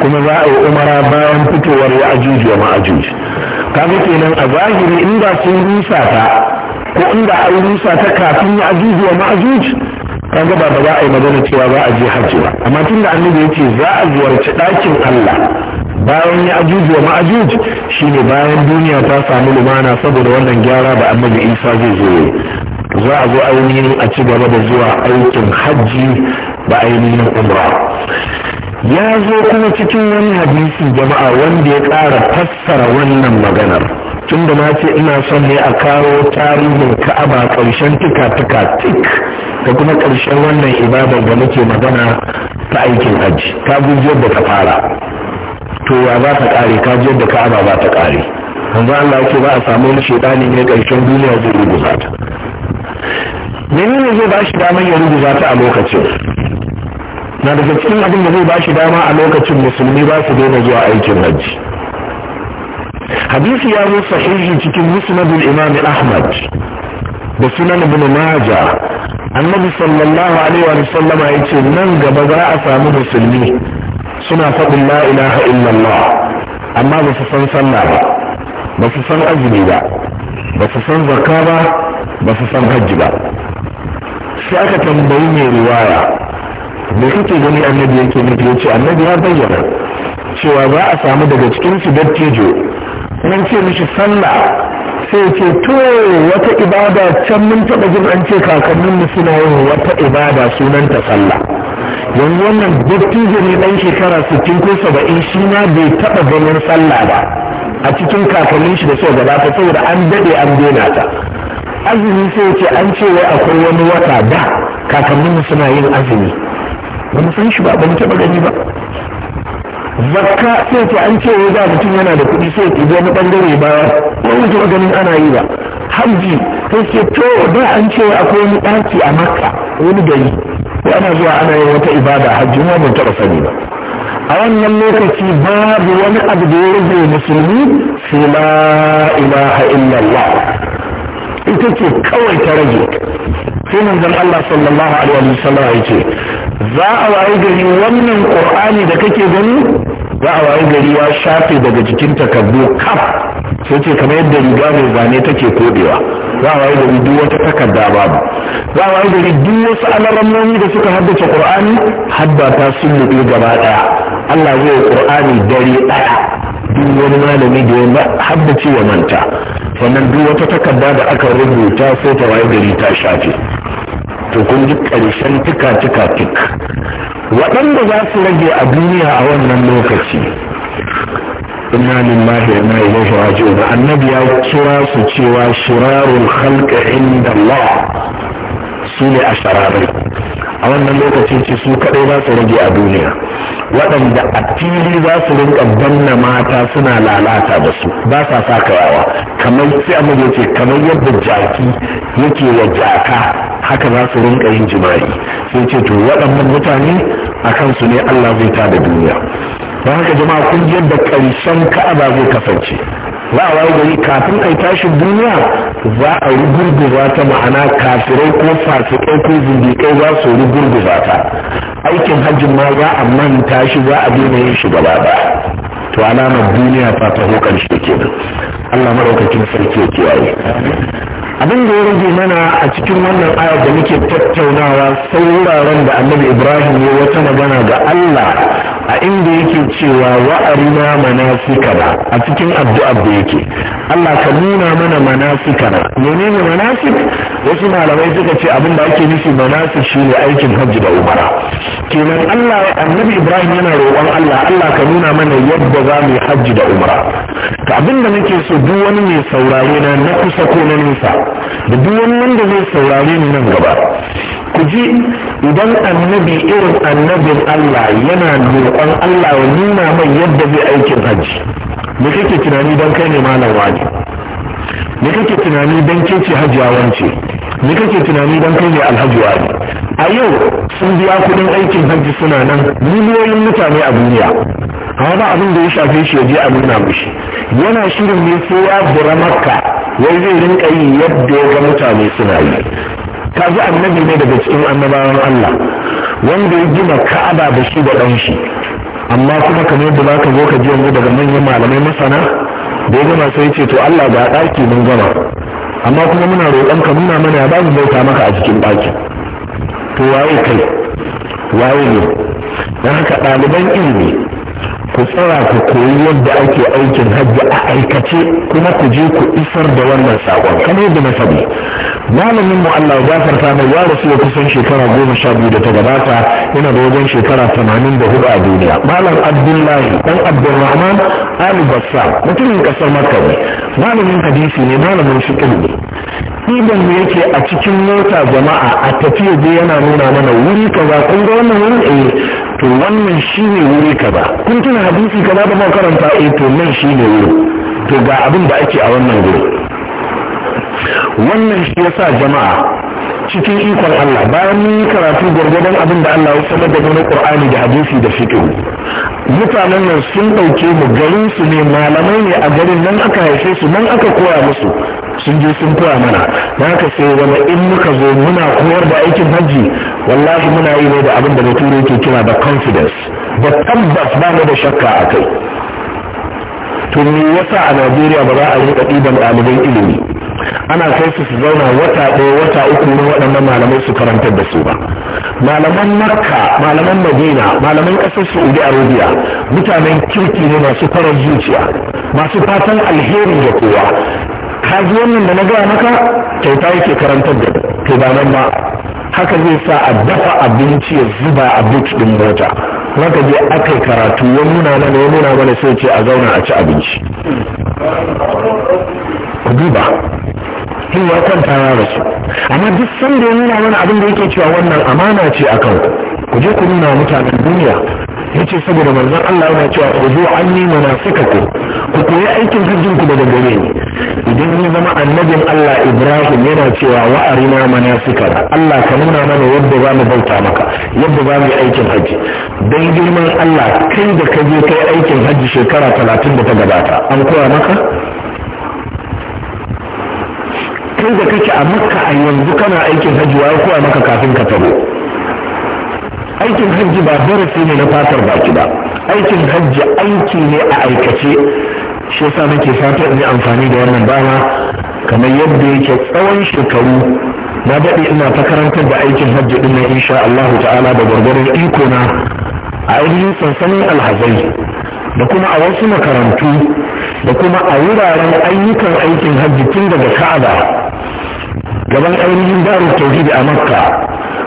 kuma za a yi umara bayan fitowar wa ajuj wa ma'ajuj kenan a zahiri inda sun rusa ta ko inda an rusa ta kafin ya wa ma'ajuj kaga ba ba za a yi magana cewa za a je hajji ba amma tunda annabi ce za a ziyarci ɗakin Allah bayan ya ajuji wa ma'ajuj shine bayan duniya ta samu lumana saboda wannan gyara da annabi isa zai zo za a zo ainihin a ci gaba da zuwa aikin hajji da ainihin umra ya zo kuma cikin wani hadisi jama'a wanda ya ƙara fassara wannan maganar tun da na ce ina son ne a kawo tarihin ka'aba ƙarshen tuka-tuka tik da kuma ƙarshen wannan ibadar da muke magana ta aikin hajji ta gujiyar da ta fara to ya za ta kare ka ji yadda ka'aba ba ta kare manzo Allah yake ba a samu wani shedani ne karshen duniya zai ruguza ta menene zai ba shi damar ya ruguza ta a lokacin na daga cikin abin da zai ba shi dama a lokacin musulmi ba su daina zuwa aikin hajji hadisi ya zo sahihi cikin musnadul imam ahmad da sunan ibn majah annabi sallallahu alaihi wa sallama yace nan gaba za a samu musulmi suna faɗin la ilaha illallah amma ba su san sallah ba ba su san azumi ba ba su san zakka ba ba su san hajji ba sai aka tambayi mai riwaya me kake gani annabi yake nufi ya ce annabi ya bayyana cewa za a samu daga cikin su dattijo nan ce mishi sallah sai ce to wata ibada can mun taɓa jin an ce kakanninmu suna yin wata ibada sunanta sallah yanzu wannan dattijo ne dan shekara sittin ko saba'in shi ma bai taɓa ganin sallah ba a cikin kakannin shi da so gabata saboda an daɗe an dena ta azumi sai ce an ce wai akwai wani wata da kakannin suna yin azumi ba mu san shi ba ba mu taɓa gani ba zakka sai ce an ce wai da mutum yana da kuɗi sai ki wani bangare ba mu taɓa ganin ana yi ba hajji sai ce to da an ce akwai wani ɗaki a makka wani gari ko ana zuwa ana yin wata ibada hajji ma mun taɓa sani ba a wannan lokaci babu wani abu da ya rage musulmi sai la ilaha illallah ita ce kawai ta rage sai manzon Allah sallallahu alaihi wasallam ya ce za a wayi gari wannan qur'ani da kake gani za a wayi gari ya shafe daga jikin takardu kaf sai ce kamar yadda riga mai zane take kodewa za a wayi gari duk wata takarda babu za a wayi gari duk wasu alarammomi da suka haddace qur'ani hadda ta sulluɓe gaba daya Allah zai yi qur'ani dare daya duk wani malami da ya haddace ya manta sannan duk wata takarda da aka rubuta sai ta wayi gari ta shafe to kun ji ƙarshen tika tika tik waɗanda za su rage a duniya a wannan lokaci inna lillahi wa inna ilaihi raji'un annabi ya kira su cewa shirarun halka inda Allah su ne a shararai a wannan lokacin ce su kaɗai za su rage a duniya waɗanda a fili za su rinka danna mata suna lalata da su ba sa sa kayawa kamar sai amma ya ce kamar yadda jaki yake wa jaka haka za su rinka yin jima'i sai ce to waɗannan mutane a kansu ne Allah zai ta da duniya don haka jama'a kun yadda ƙarshen ka'aba zai kasance za a waye gari kafin a tashin duniya za a rugurguza ta ma'ana kafirai ko fasikai ko zindikai za su rugurguza ta aikin hajjin ma za a manta shi za a daina yin shi gaba ba. to alamar duniya ta taho karshe kenan Allah madaukakin sarki ya kiyaye abin da ya rage mana a cikin wannan ayar da muke tattaunawa sai wuraren da annabi ibrahim ya wata magana ga allah a inda yake cewa wa'arina manasikana a cikin addu'ar da yake allah ka nuna mana manasikana menene manasik wasu malamai suka ce abin da ake nufi manasik shine aikin hajji da umara kenan allah annabi ibrahim yana roƙon allah allah ka nuna mana yadda za mu yi hajji da umara ta abin da nake so duk wani mai saurare na na kusa ko na nesa da duk wani da zai saurare ni nan gaba ku ji idan annabi irin annabin Allah yana roƙon Allah ya nuna mai yadda zai aikin hajji me kake tunani dan kai ne malam wani me kake tunani dan ke ce a wance me kake tunani dan kai ne alhaji wani a yau sun biya kuɗin aikin hajji suna nan miliyoyin mutane a duniya A ba abin da ya shafe shi ya je a nuna mishi yana shirin ne sai da bura wai zai rinka yi yadda ya ga mutane suna yi ji annabi ne daga cikin annabawan Allah wanda ya gina ka'aba da shi da ɗan shi amma kuma kamar da zaka zo ka ji yanzu daga manyan malamai masana da ya gama sai ce to Allah ga ɗaki mun gama amma kuma muna roƙon ka nuna mana ba mu bauta maka a cikin ɗakin to waye kai waye ne dan haka ɗaliban ilimi ku tsara ku koyi yadda ake aikin hajji a aikace kuma ku je ku isar da wannan sakon kamar yadda na faɗi malamin mu Allah farta mai ya rasu kusan shekara goma sha biyu da ta gabata yana da wajen shekara tamanin da hudu a duniya malam abdullahi dan abdulrahman ali bassa mutumin kasar makka ne malamin hadisi ne malamin fiqh ne idan ne yake a cikin mota jama'a a tafiya je yana nuna mana wuri kaza kun ga wannan wurin eh to wannan shi ne wuri ka ba. kun tuna hadisi kaza da makaranta? karanta eh to nan shi ne wuri to ga abin da ake a wannan wuri wannan shi yasa jama'a cikin ikon Allah bayan mun yi karatu gwargwadon abin da Allah ya sanar da na Qur'ani da hadisi da fiqh mutanen nan sun dauke mu garin su ne malamai ne a garin nan aka haife su nan aka koya musu sun je sun koya mana da haka sai wani in muka zo muna koyar da aikin hajji wallahi muna yi ne da abin da bature yake kira da confidence da tabbas ba mu da shakka a kai to me yasa a najeriya ba za a rinka ɗiban ɗaliban ilimi ana kai su su zauna wata ɗaya wata uku na waɗannan malamai su karantar da su ba malaman makka malaman madina malaman ƙasar saudi arabia mutanen kirki ne masu farar zuciya masu fatan alheri da kowa kaji wannan da na gaya maka kyauta yake karantar da to ba nan ba haka zai sa a dafa abinci ya zuba a but din mota maka je aka yi karatu ya nuna mana ya nuna mana sai ce a zauna a ci abinci ku duba ya kwanta ya rasu amma duk sanda ya nuna mana abin da yake cewa wannan amana ce a kan ku je ku nuna mutanen duniya ya ce saboda manzon Allah yana cewa ku zo an yi mana suka ku ku koyi aikin hajjin ku daga gare ni idan ya zama annabin Allah Ibrahim yana cewa wa arina manasikana Allah ka nuna mana yadda za mu bauta maka yadda za mu yi aikin hajji dan girman Allah kai da ka je kai aikin hajji shekara talatin da ta gabata an koya maka kai da kake a makka a yanzu kana aikin hajji ya koya maka kafin ka taro aikin hajji ba darasi ne na fatar baki ba aikin hajji aiki ne a aikace shi yasa nake fata in yi amfani da wannan dama kamar yadda yake tsawon shekaru na daɗe ina ta karantar da aikin hajji din nan insha Allah ta'ala da gwargwaron iko na a ainihin sansanin alhazai da kuma a wasu makarantu da kuma a wuraren ayyukan aikin hajji tun daga Ka'aba gaban ainihin darul tauhid a Makka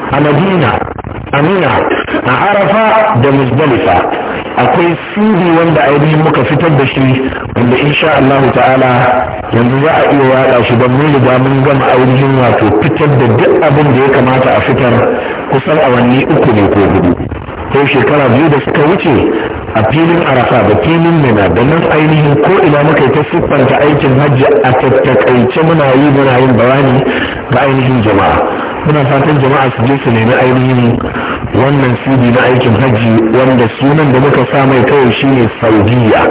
a Madina amina a arafa da muzdalifa akwai sirri wanda ainihin muka fitar da shi wanda insha Allah ta'ala yanzu za a iya yada shi don mun riga mun gama ainihin wato fitar da duk abin da ya kamata a fitar kusan awanni uku ne ko hudu ko shekara biyu da suka wuce a filin arafa da filin mina da nan ainihin ko ina muka ta siffanta aikin hajji a tattakaice muna yi muna yin bayani ga ainihin jama'a muna fatan jama'a su je su nemi ainihin wannan cd na aikin hajji wanda sunan da muka sa mai kawai shine saudiya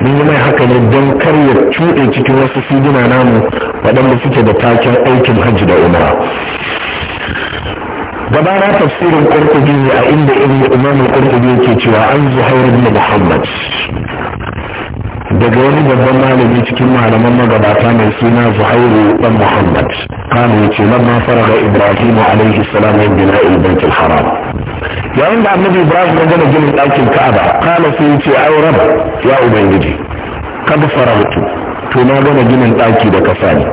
mun yi mai haka ne don kar ya cuɗe cikin wasu cduna namu waɗanda suke da taken aikin hajji da umara gabana tafsirin kurkubi ne a inda ibn imam kurkubi yake cewa an zuhair ibn muhammad daga wani babban malami cikin malaman magabata mai suna zuhairu Ɗan muhammad قال يتي لما فرغ إبراهيم عليه السلام من بناء البيت الحرام yayin da annabi ibrahim ya gama ginin ɗakin ka'aba kala sai ya ce ai ya ubangiji kada farautu to gama ginin ɗaki da ka sani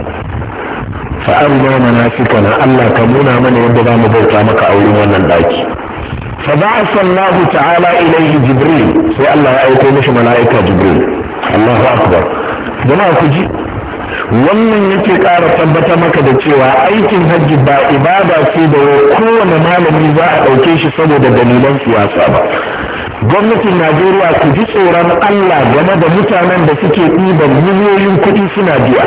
fa arina manasikana allah ka nuna mana yadda za mu bauta maka a wurin wannan ɗaki fa ba'atha allah ta'ala ilaihi jibril sai allah ya aiko mashi mala'ika jibril allahu akbar jama'a ku ji wannan yake ƙara tabbata maka da cewa aikin hajji ba ibada ce da kowane malami za a ɗauke shi saboda dalilan siyasa ba gwamnatin najeriya ku ji tsoron allah game da mutanen da suke ɗiban miliyoyin kuɗi suna biya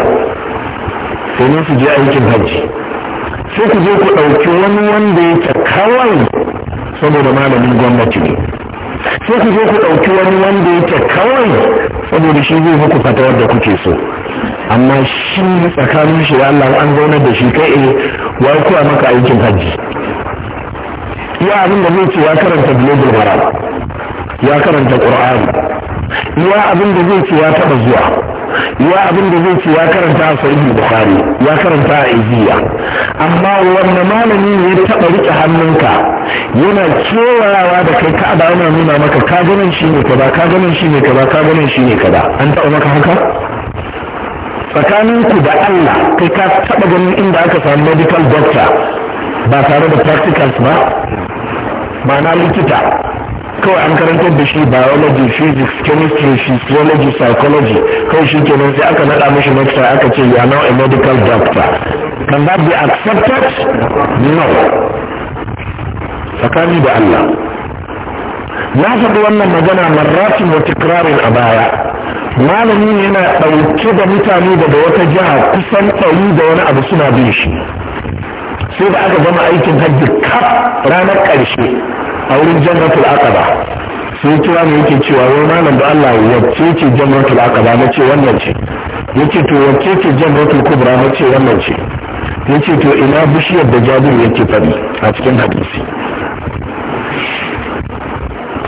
domin su je aikin hajji sai ku je ku ɗauki wani wanda yake kawai saboda malamin gwamnati ne sai ku zo ku ɗauki wani wanda yake kawai saboda shi zai muku fatawar da kuke so amma shi tsakanin shi da Allah an zauna da shi kai eh wa a maka aikin hajji ya abinda zai ce ya karanta bulogul ya karanta qur'ani ya abin da zai ce ya taba zuwa ya abin da zai ce ya karanta a sahih bukhari ya karanta a iziya amma wannan malami ne ya taba rike hannunka yana kewayawa da kai ka da yana nuna maka ka ganin shi ne kaza ka ganin shi ne kaza ka ganin shi ne kaza an taba maka haka tsakaninku da Allah kai ka taba ganin inda aka samu medical doctor ba tare da practicals ba ma'ana likita kawai an karantar da shi biology physics chemistry physiology psychology kawai shi kenan sai aka naɗa mashi lecturer aka ce ya now a medical doctor can that be accepted no tsakani da Allah na faɗi wannan magana marratin wa tikrarin a baya malami ne yana ɗauke da mutane daga wata jiha kusan ɗari da wani abu suna bin shi sai da aka gama aikin hajji kaf ranar ƙarshe a wurin jamratul aqaba sai kira ne yake cewa wai malam da Allah wacce ce jamratul aqaba na ce wannan ce yake to wacce ce jamratul kubra na ce wannan ce yake to ina bishiyar da jabir yake fadi a cikin hadisi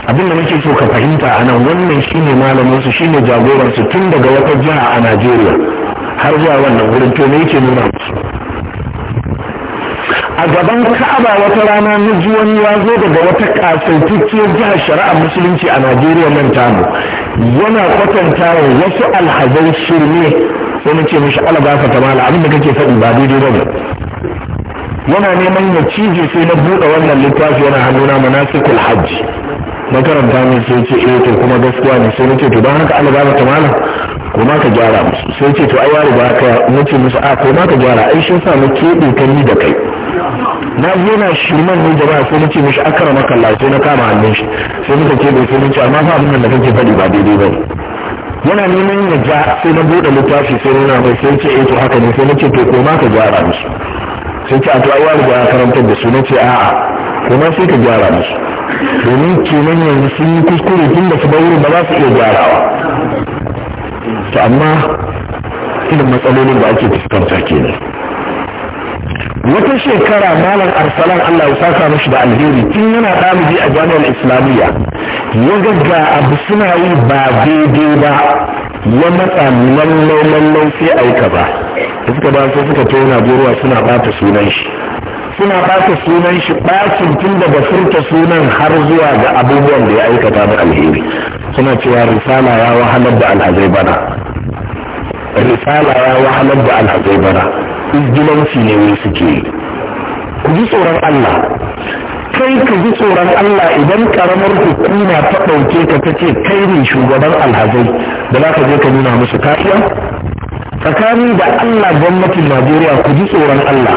abin da nake so ka fahimta a nan wannan shine malamin su shine jagoran su tun daga wata jiha a Najeriya har zuwa wannan wurin to me yake nuna musu a gaban ka'aba wata rana na ji wani ya zo daga wata kasaitacciyar jihar shari'ar musulunci a najeriya nan tamu yana kwatanta wa wasu alhazai shirme sai na ce mishi ala gafa ta mala abin da kake faɗi ba daidai ba ne yana neman ya cije sai na buɗe wannan littafi yana hannuna manasikul hajji na karanta ne sai ce eh to kuma gaskiya ne sai nace to don haka Allah zaba ta malam ko ma ka gyara musu sai ce to ai ya riga ka nace musu a ko ma ka gyara ai shi sa na kebe kan ni da kai na yana man ne da ba sai nace mishi akara maka Allah sai na kama hannun shi sai muka ce bai sai amma fa abin da kake faɗi ba daidai ba yana neman ya ja sai na bude littafi sai nuna mai sai ce eh to haka ne sai nace to ko ma ka gyara musu sai ce a to ai wani riga ya karantar da su nace a'a ko ma sai ka gyara musu domin kenan yanzu sun yi kuskure tun da su bar ba za su iya gyarawa to amma irin matsalolin da ake fuskanta kenan wata shekara malam arsalan Allah ya saka mashi da alheri tun yana ɗalibi a jami'ar islamiyya ya ga abu suna yi ba daidai ba ya matsa lallau lallau sai aika ba da suka ba sai suka to najeriya suna ɓata sunan shi suna ɓata sunan shi ɓacin tun daga furta sunan har zuwa ga abubuwan da ya aikata na alheri suna cewa risala ya wahalar da alhazai bana risala ya wahalar da alhazai bana izgilanci ne wai suke ku ji tsoron Allah kai ka ji tsoron Allah idan karamar hukuma ta ɗauke ka ta ce kai ne shugaban alhazai da za ka je ka nuna musu ka'iya tsakani da Allah gwamnatin Najeriya ku ji tsoron Allah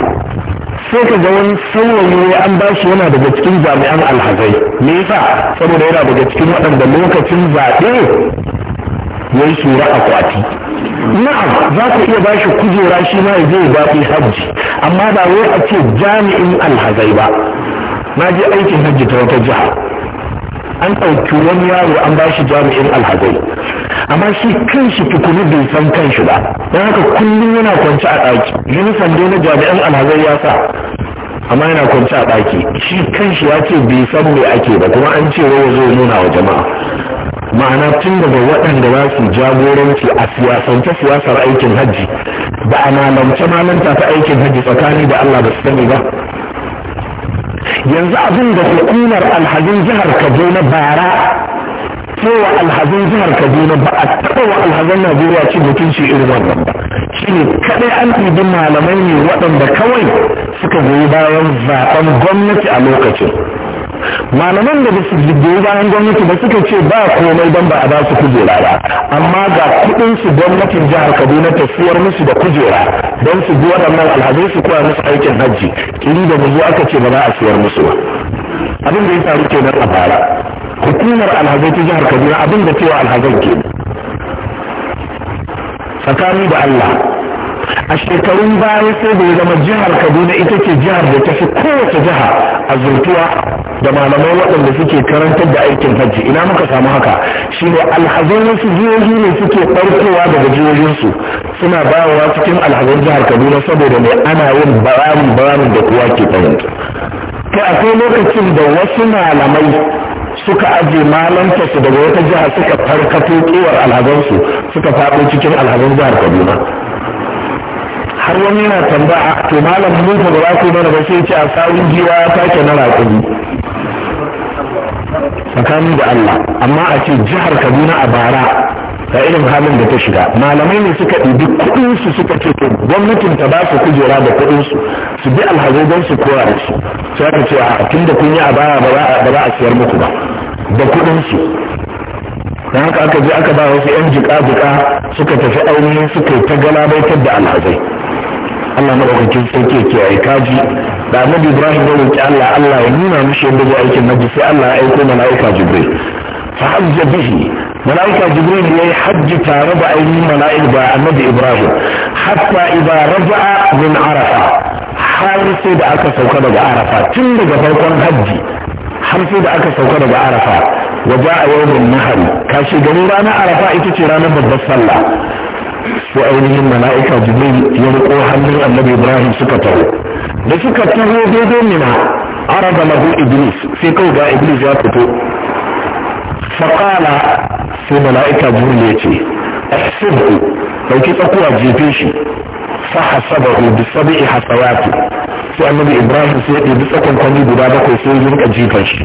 sai ka ga wani saurayi an ba shi yana daga cikin jami'an alhazai me yasa saboda yana daga cikin waɗanda lokacin zaɓe ya yi shura akwati na'am za ka iya ba shi kujera shi ma zai ya daɗi hajji amma ba wai a ce jami'in alhazai ba na je aikin hajji ta wata jiha an ɗauki wani yaro an ba shi jami'in alhazai amma shi kanshi tukuni bai san kanshi ba don haka kullum yana kwanci a ɗaki yunifan dai na jami'in alhazai ya sa amma yana kwanci a ɗaki shi kanshi ya ce bai san me ake ba kuma an ce wai zai zo nuna wa jama'a ma'ana tun daga waɗanda za su jagoranci a siyasance siyasar aikin hajji Ba a malamce malanta ta aikin hajji tsakani da Allah ba su sani ba yanzu abin da hukumar alhazin jihar kaduna bara cewa alhazin jihar kaduna ba a taɓa wa alhazan najeriya ce mutunci irin wannan ba kaɗai an ɗibi malamai ne waɗanda kawai suka goyi bayan zaɓen gwamnati a lokacin malaman da basu goyi bayan gwamnati ba suka ce ba komai don ba a ba su kujera ba amma ga kuɗin su gwamnatin jihar kaduna ta siyar musu da kujera don su bi waɗannan alhazai su koya musu aikin hajji kiri da mu aka ce ba za a siyar musu ba abin da ya faru kenan a bara hukumar alhazai ta jihar kaduna abin da cewa alhazan ke tsakani da allah a shekarun baya sai da ya zama jihar kaduna ita ce jihar da ta fi kowace jiha a zurtuwa da malamai waɗanda suke karantar da aikin hajji ina muka samu haka shine alhazan wasu jihohi ne suke ɗaukowa daga jihohinsu suna bawa cikin alhazan jihar kaduna saboda mai ana yin bayanin bayanin da kowa ke fahimta kai akwai lokacin da wasu malamai suka aje malantarsu daga wata jiha suka farkato kewar alhazansu suka faɗo cikin alhazan jihar kaduna har wani yana tambaya to malam mun ba za ku mana ba sai ce a sawun jiwa ya take na rakumi tsakani da Allah amma a ce jihar Kaduna a bara ga irin halin da ta shiga malamai ne suka ɗibi kuɗin su suka ce to gwamnatin ta ba su kujera da kuɗin su su bi alhazai don su koya da su sai ce a tun da kun yi a bara ba za a siyar muku ba da kuɗin su haka aka je aka ba wasu yan jika-jika suka tafi aure suka yi ta galabaitar da alhazai Allah madaukakin sarki ya kiyaye kaji da annabi Ibrahim ya roki Allah Allah ya nuna mishi yadda zai aikin hajji sai Allah ya aiko mala'ika Jibril fa hajja bihi mala'ika Jibril yayi hajji tare da ainihin mala'ika da annabi Ibrahim hatta idza raja'a min Arafa har sai da aka sauka daga Arafa tun daga farkon hajji har sai da aka sauka daga Arafa waja'a yawmin nahar kashi garin ranar Arafa ita ce ranar babbar sallah sai ainihin mala'ika jibril ya riko hannun annabi ibrahim suka taho da suka taho daidai mina araba lahu iblis sai kawai ga iblis ya fito faƙala sai mala'ika jibril ya ce ahsibhu dauki tsakuwa jefe shi fa hasabahu bi sabi'i hasawati sai annabi ibrahim sai ya ɗebi tsakon kwani guda bakwai sai ya rinka jifan shi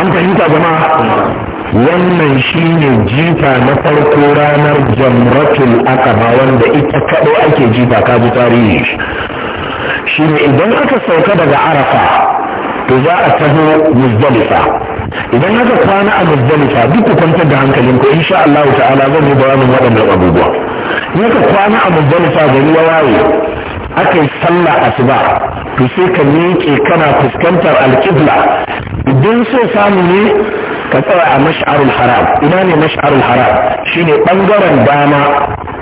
an fahimta jama'a wannan shine jifa na farko ranar jamratul aqaba wanda ita kaɗo ake jifa ka ji tarihi idan aka sauka daga arafa to za a taho muzdalifa idan aka kwana a muzdalifa duk ku kwanta da hankalin ku insha Allah ta'ala zan yi bayanin waɗannan abubuwa in aka kwana a muzdalifa gari ya waye aka yi sallah asuba to sai ka miƙe kana fuskantar alƙibla idan so samu ne ka tsaya a mash'arul haram ina ne mash'arul haram shine bangaren dama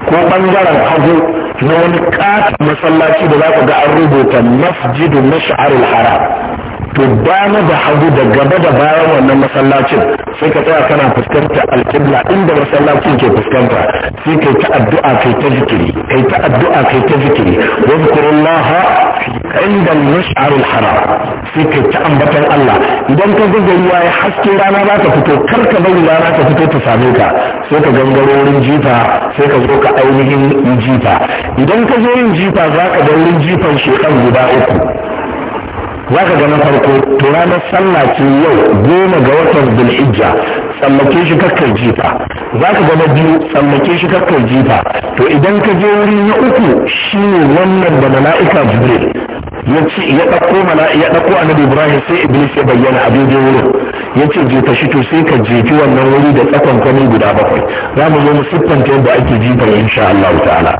ko bangaren hagu na wani katon masallaci da za ka ga an rubuta masjidu mash'arul haram to dama da hagu da gaba da bayan wannan masallacin sai ka tsaya kana fuskanta alƙibla inda masallacin ke fuskanta sai kai ta addu'a kai ta zikiri kai ta addu'a kai ta zikiri wa zikrullaha inda al al-haram sai kai ta ambatan Allah idan ka ga gari yayi haske rana za ka fito kar ka bari rana ta fito ta same ka sai ka gangaro wurin jifa sai ka zo ka ainihin jifa idan ka zo yin jifa za ka ga wurin jifan shekan guda uku za ka ga na farko to ranar sallah ce yau goma ga watan zulhijja tsallake shi kakkar jifa za ka ga na biyu tsallake shi kakkar jifa to idan ka je wuri na uku shi ne wannan da mala'ika jibril ya ce ya ɗauko ya ɗauko annabi ibrahim sai iblis ya bayyana a daidai wurin ya ce jefa shi to sai ka jefi wannan wuri da tsakon kwami guda bakwai za mu zo mu siffanta yadda ake jifa insha Allah ta'ala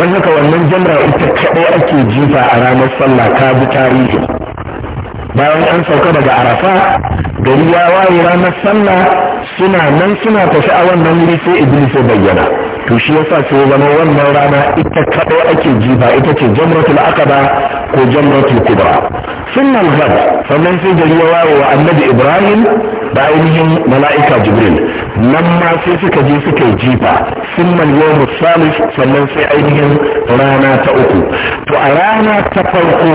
don haka wannan jamra ita kaɗai ake jifa a ranar sallah ka bi tarihi bayan an sauka daga arafa gari ya waye ranar sallah suna nan suna tafi a wannan wuri sai iblis ya bayyana to shi yasa sai zama wannan rana ita kadai ake jifa ita ce jamratul aqaba ko jamratul kubra sunnal ghad sannan sai gari ya waye wa annabi ibrahim da ainihin mala'ika jibril nan ma sai suka je suka yi jifa sunnal yawm salif sannan sai ainihin rana ta uku to a rana ta farko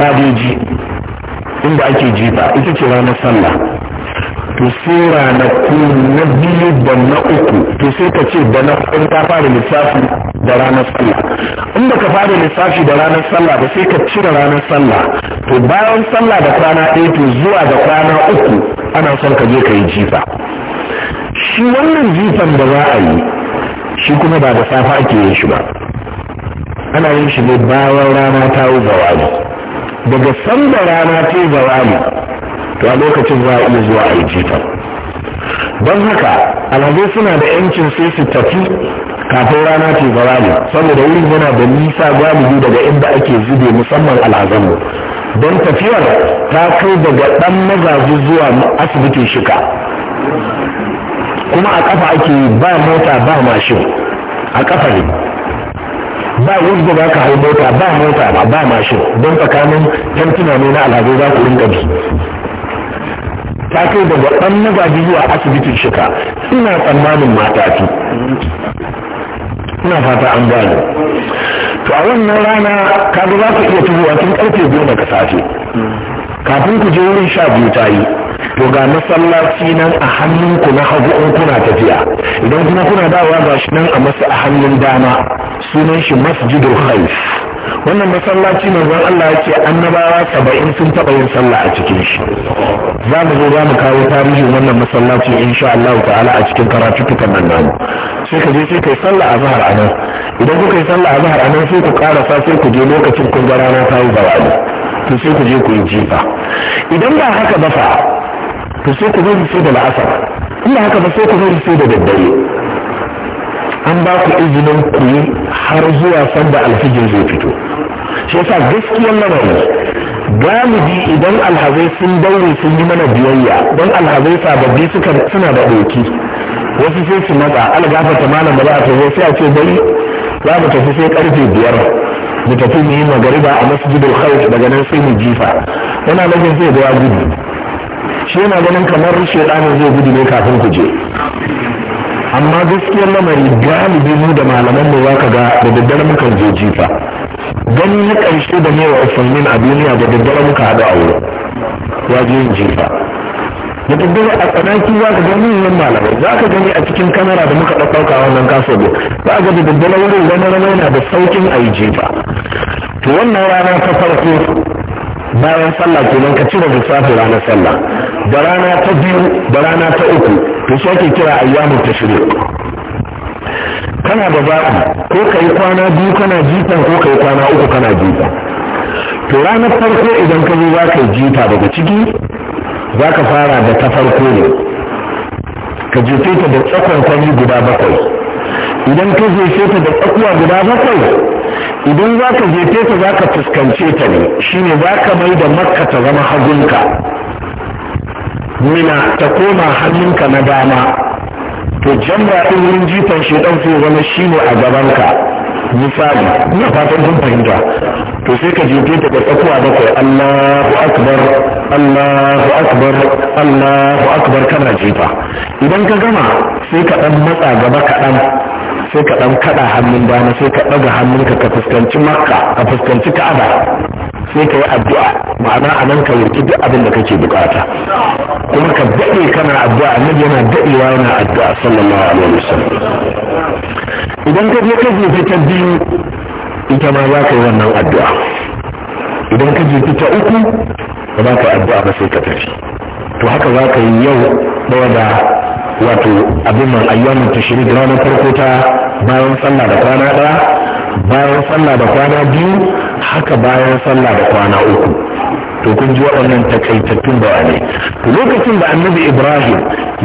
kadeji inda ake jifa ita ce ranar sallah to sai ranaku na biyu da na uku to sai ka ce da na in ka fara lissafi da ranar sallah in ka fara lissafi da ranar sallah ba sai ka cire ranar sallah to bayan sallah da kwana ɗaya to zuwa da kwana uku ana son ka je ka yi jifa shi wannan jifan da za a yi shi kuma ba da safa ake yin shi ba ana yin shi ne bayan rana ta yi zawali daga sanda rana ta yi zawali to a lokacin za a iya zuwa a yi don haka alhazai suna da yancin sai su tafi kafin rana ta yi zawali saboda wurin yana da nisa galibi daga inda ake zube musamman mu don tafiyar ta kai daga dan mazazu zuwa asibitin shika kuma a kafa ake ba mota ba mashin a kafa ne ba yadda za ka hau mota ba mota ba ba mashin don tsakanin yan tunani na alhazai za ku rinka bi ta kai gwaɗan na magaji zuwa asibitin shika ina tsammanin mata fi ina fata an gane to a wannan rana kaga za ku iya tuhuwa tun karfe goma ka safe kafin ku je wurin sha biyu ta yi to ga masallaci nan a hannunku na hagu in kuna tafiya idan kuma kuna dawowa ga shi nan a masu a hannun dama sunan shi masjidul khaif wannan masallaci zan Allah ya ce annabawa saba'in sun taɓa yin sallah a cikin shi za mu zo za mu kawo tarihin wannan masallaci insha Allah ta'ala a cikin karatutukan nan namu sai ka je sai kai sallah a zahar anan idan kuka yi sallah a zahar anan sai ku karasa sai ku je lokacin kun ga rana ta yi zawali to sai ku je ku yi jifa idan ba haka ba fa to sai ku zo da la'asar in haka ba sai ku zo da daddare an ba ku izinin ku yi har zuwa sanda alfijin zai fito shi yasa gaskiyar lamari galibi idan alhazai sun daure sun yi mana biyayya don alhazai sababbi suna da ɗauki. wasu sai su matsa ta malam ba za a tafi sai a ce bari za mu tafi sai karfe biyar mu tafi mu yi magariba a masjidul khawf daga nan sai mu jifa yana nufin sai da ya gudu shi yana ganin kamar shaidanin zai gudu ne kafin ku je amma gaskiyar lamari galibi mu da malaman mu ka ga da daddare muka je jifa gani na ƙarshe da mewa usulmin a duniya da daddare muka haɗu a wurin ya je yin jifa da daddare a tsanaki za ka gani yin malamai za ka gani a cikin kamera da muka ɗaukauka wannan kaso ne za ga da daddare wurin zama yana da saukin a yi jifa to wannan rana ta farko bayan sallah kenan ka cire lissafin ranar sallah da rana ta biyu da rana ta uku to shi ake kira ayyamu tashriq kana da zaɓi ko ka yi kwana biyu kana jifan ko ka yi kwana uku kana jita to ranar farko idan ka zo za ka yi daga ciki za ka fara da ta farko ne ka jefe ta da tsakon kwani guda bakwai idan ka jefe ta da tsakuwa guda bakwai idan za ka jefe ta za ka fuskance ta ne shi ne za ka mai da makka ta zama hagunka mina ta koma hannunka na dama to jamra ɗin wurin jifan shedan sai zama shine a gabanka misali ina fatan kun fahimta to sai ka jefe ta da tsakuwa kai Allahu akbar Allahu akbar Allahu akbar kana jefa idan ka gama sai ka ɗan matsa gaba kaɗan sai ka ɗan kaɗa hannun dama sai ka ɗaga hannunka ka fuskanci makka ka fuskanci ka'aba sai ka yi addu'a ma'ana a nan ka roƙi duk abin da kake bukata kuma ka daɗe kana addu'a annabi yana daɗewa yana addu'a sallallahu alaihi wasallam idan ka je ka jefe ta biyu ita ma za ka yi wannan addu'a idan ka jefe ta uku ba za ka yi addu'a ba sai ka tafi to haka za ka yi yau ɗaya da wato abin man ayyamin tashrik ranar farko ta bayan sallah da kwana ɗaya bayan sallah da kwana biyu haka bayan sallah da kwana uku to kun ji waɗannan takaitattun da bayanai to lokacin da annabi ibrahim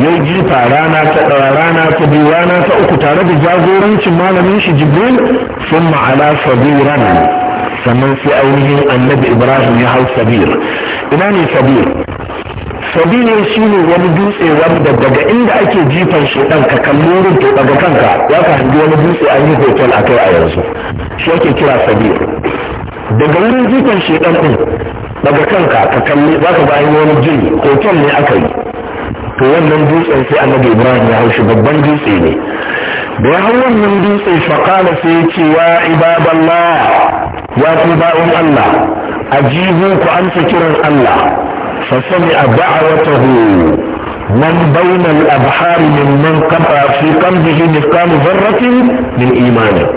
ya yi jifa rana ta ɗaya rana ta biyu rana ta uku tare da jagorancin malamin shi jibril sun ma'ala sabiran sannan sai ainihin annabi ibrahim ya hau sabir ina ne sabir sabili shi ne wani dutse wanda daga inda ake jifan shaidan ka kalli wurin to daga kanka ya ka hangi wani dutse an yi hoton a kai a yanzu shi ake kira sabili daga wurin jifan shaidan din daga kanka ka kalli za ka bayan wani jini hoton ne aka yi to wannan dutsen sai annabi ibrahim ya haushi babban dutse ne da ya hau wannan dutse shakala sai ya ce wa ibaballah ya ku ba'un allah ajibu ku amsa kiran allah فسمع دعوته من بين الأبحار من من قطع في قلبه مثقال ذرة من إيمانه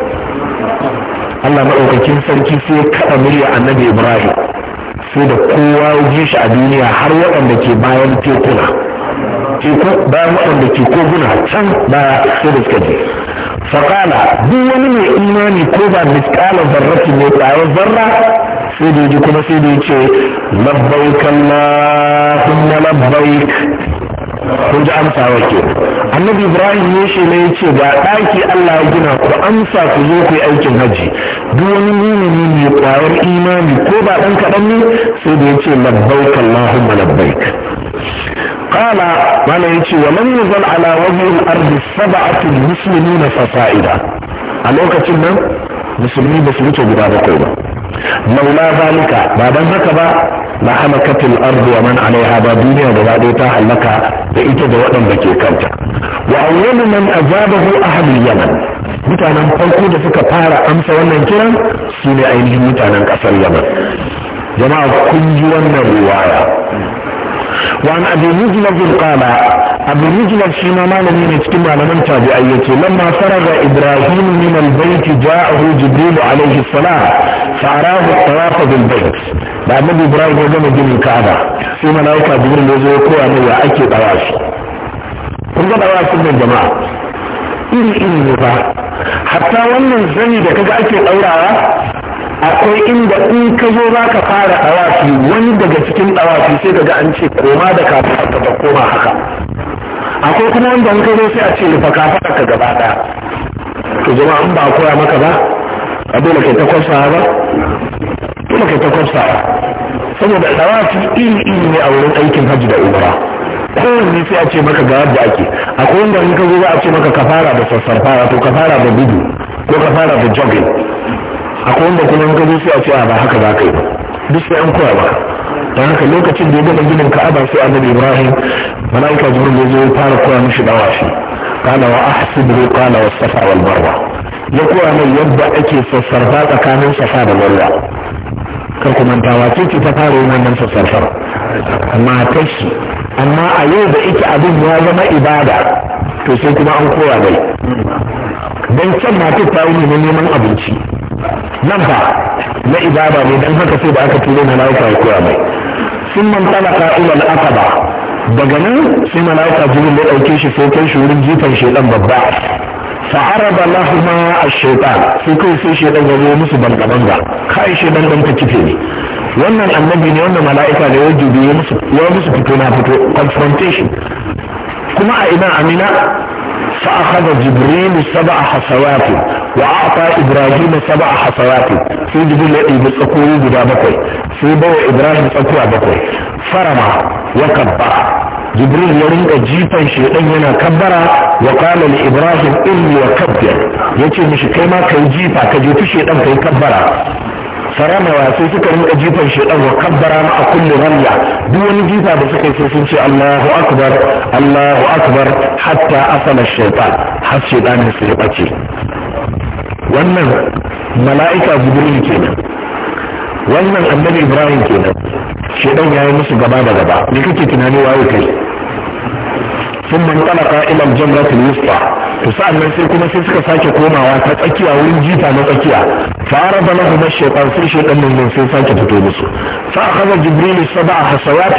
Allah maɗaukakin sarki sai kaɗa murya annabi Ibrahim sai da kowa ya ji shi a duniya har waɗanda ke bayan tekuna teku bayan waɗanda ke koguna can baya sai da suka ji duk wani mai imani ko ba miskalar zarratin ne ƙwayar zarra sai da ji kuma sai da ce labbai kallahumma labbai kun ji amsa wake annabi ibrahim ne shi ne yace ga ɗaki Allah ya gina ku amsa ku zo ku yi aikin hajji duk wani mumini mai kwayar imani ko ba ɗan kaɗan ne sai da yace labbaik allahumma labbaik qala wala yace wa man yuzal ala wajhi al-ardi musulmi na fasa'ida a lokacin nan musulmi ba su wuce guda bakwai ba laula zalika ba dan haka ba la halakatil ard wa man alaiha ba duniya da ba ta halaka da ita da waɗanda ke kanta wa awwalu man azabahu ahlul yaman mutanen farko da suka fara amsa wannan kiran su ne ainihin mutanen ƙasar yaman jama'a kun ji wannan riwaya وعن أبي مجلب قال أبي مجلب شيما ما لمن يتكلم على من تابعيته لما فرغ إبراهيم من البيت جاءه جبريل عليه السلام فأراه الطواف بالبيت بعد نبي إبراهيم وجمع دين الكعبة في ملائكة جبريل وزيكوها من أكيد أواشي kun ga dawa sun jama'a iri iri ne ba hatta wannan zani da kaga ake ɗaurawa akwai inda in ka zo za ka fara ɗawafi wani daga cikin ɗawafi sai kaga an ce koma da kafa ta koma haka akwai kuma wanda in ka zo sai a ce rufa kafa ka gaba ɗaya to jama'a in ba koya maka ba a dole kai ta kwasa ba dole kai ta kwasa saboda ɗawafi iri iri ne a wurin aikin hajji da umara kowanne sai a ce maka ga yadda ake akwai wanda in ka zo za a ce maka ka fara da sassarfara to ka fara da gudu ko ka fara da jogging akwai wanda kuma in ka zo sai a ce a ba haka za ka yi ba duk sai an koya ba don haka lokacin da ya gama ginin ka'aba sai annabi ibrahim mala'ika jibril ya zo ya fara koya mishi dawashi kana wa ahsibu kana wa safa wal marwa ya koya mai yadda ake sassarfa tsakanin safa da marwa kar ku manta wace ce ta fara yin wannan sassarfar amma shi. amma a yau da ita abin ya zama ibada to sai kuma an koya mai don can matar ta yi neman abinci nan fa na ibada ne don haka sai da aka turo na lauka ya kowa mai sun man talaka ila al'aqaba daga nan sai mala'ika jirin ya dauke shi sai kai shi wurin jifan shedan babba fa'araba lahuma a shaytan sai kai sai shedan ya zo musu banga banga kai shedan dan ta kife ne wannan annabi ne wannan mala'ika da ya jubi ya musu ya musu fito na fito confrontation kuma a ina amina fa akhadha jibril sab'a hasawat wa a'ta ibrahim sab'a hasawat sai jibril ya ɗibi tsakoyi guda bakwai sai bawa ibrahim tsakuwa bakwai farama wa kabba jibril ya rinka jifan shedan yana kabbara wa qala li ibrahim inni wa kabbir yace mishi kai ma kai jifa ka jefi shedan kai kabbara faramawa sai suka rinka jifan shaidan wa kabbara ma a kulli ramya duk wani jifa da suka yi sai sun ce Allahu akbar Allahu akbar hatta asala har shaidan sai ya bace wannan mala'ika jibril kenan wannan annabi ibrahim kenan shaidan ya yi musu gaba da gaba me kake tunani waye kai ثم انطلق الى الجمرة الوسطى فسأل من سيكو ما سيسك ساكي كوما واتت اكيا وين جيتا نتاكيا فعرض له ما الشيطان سيشي ان من سيسك تتوبسو فأخذ جبريل السبع حصوات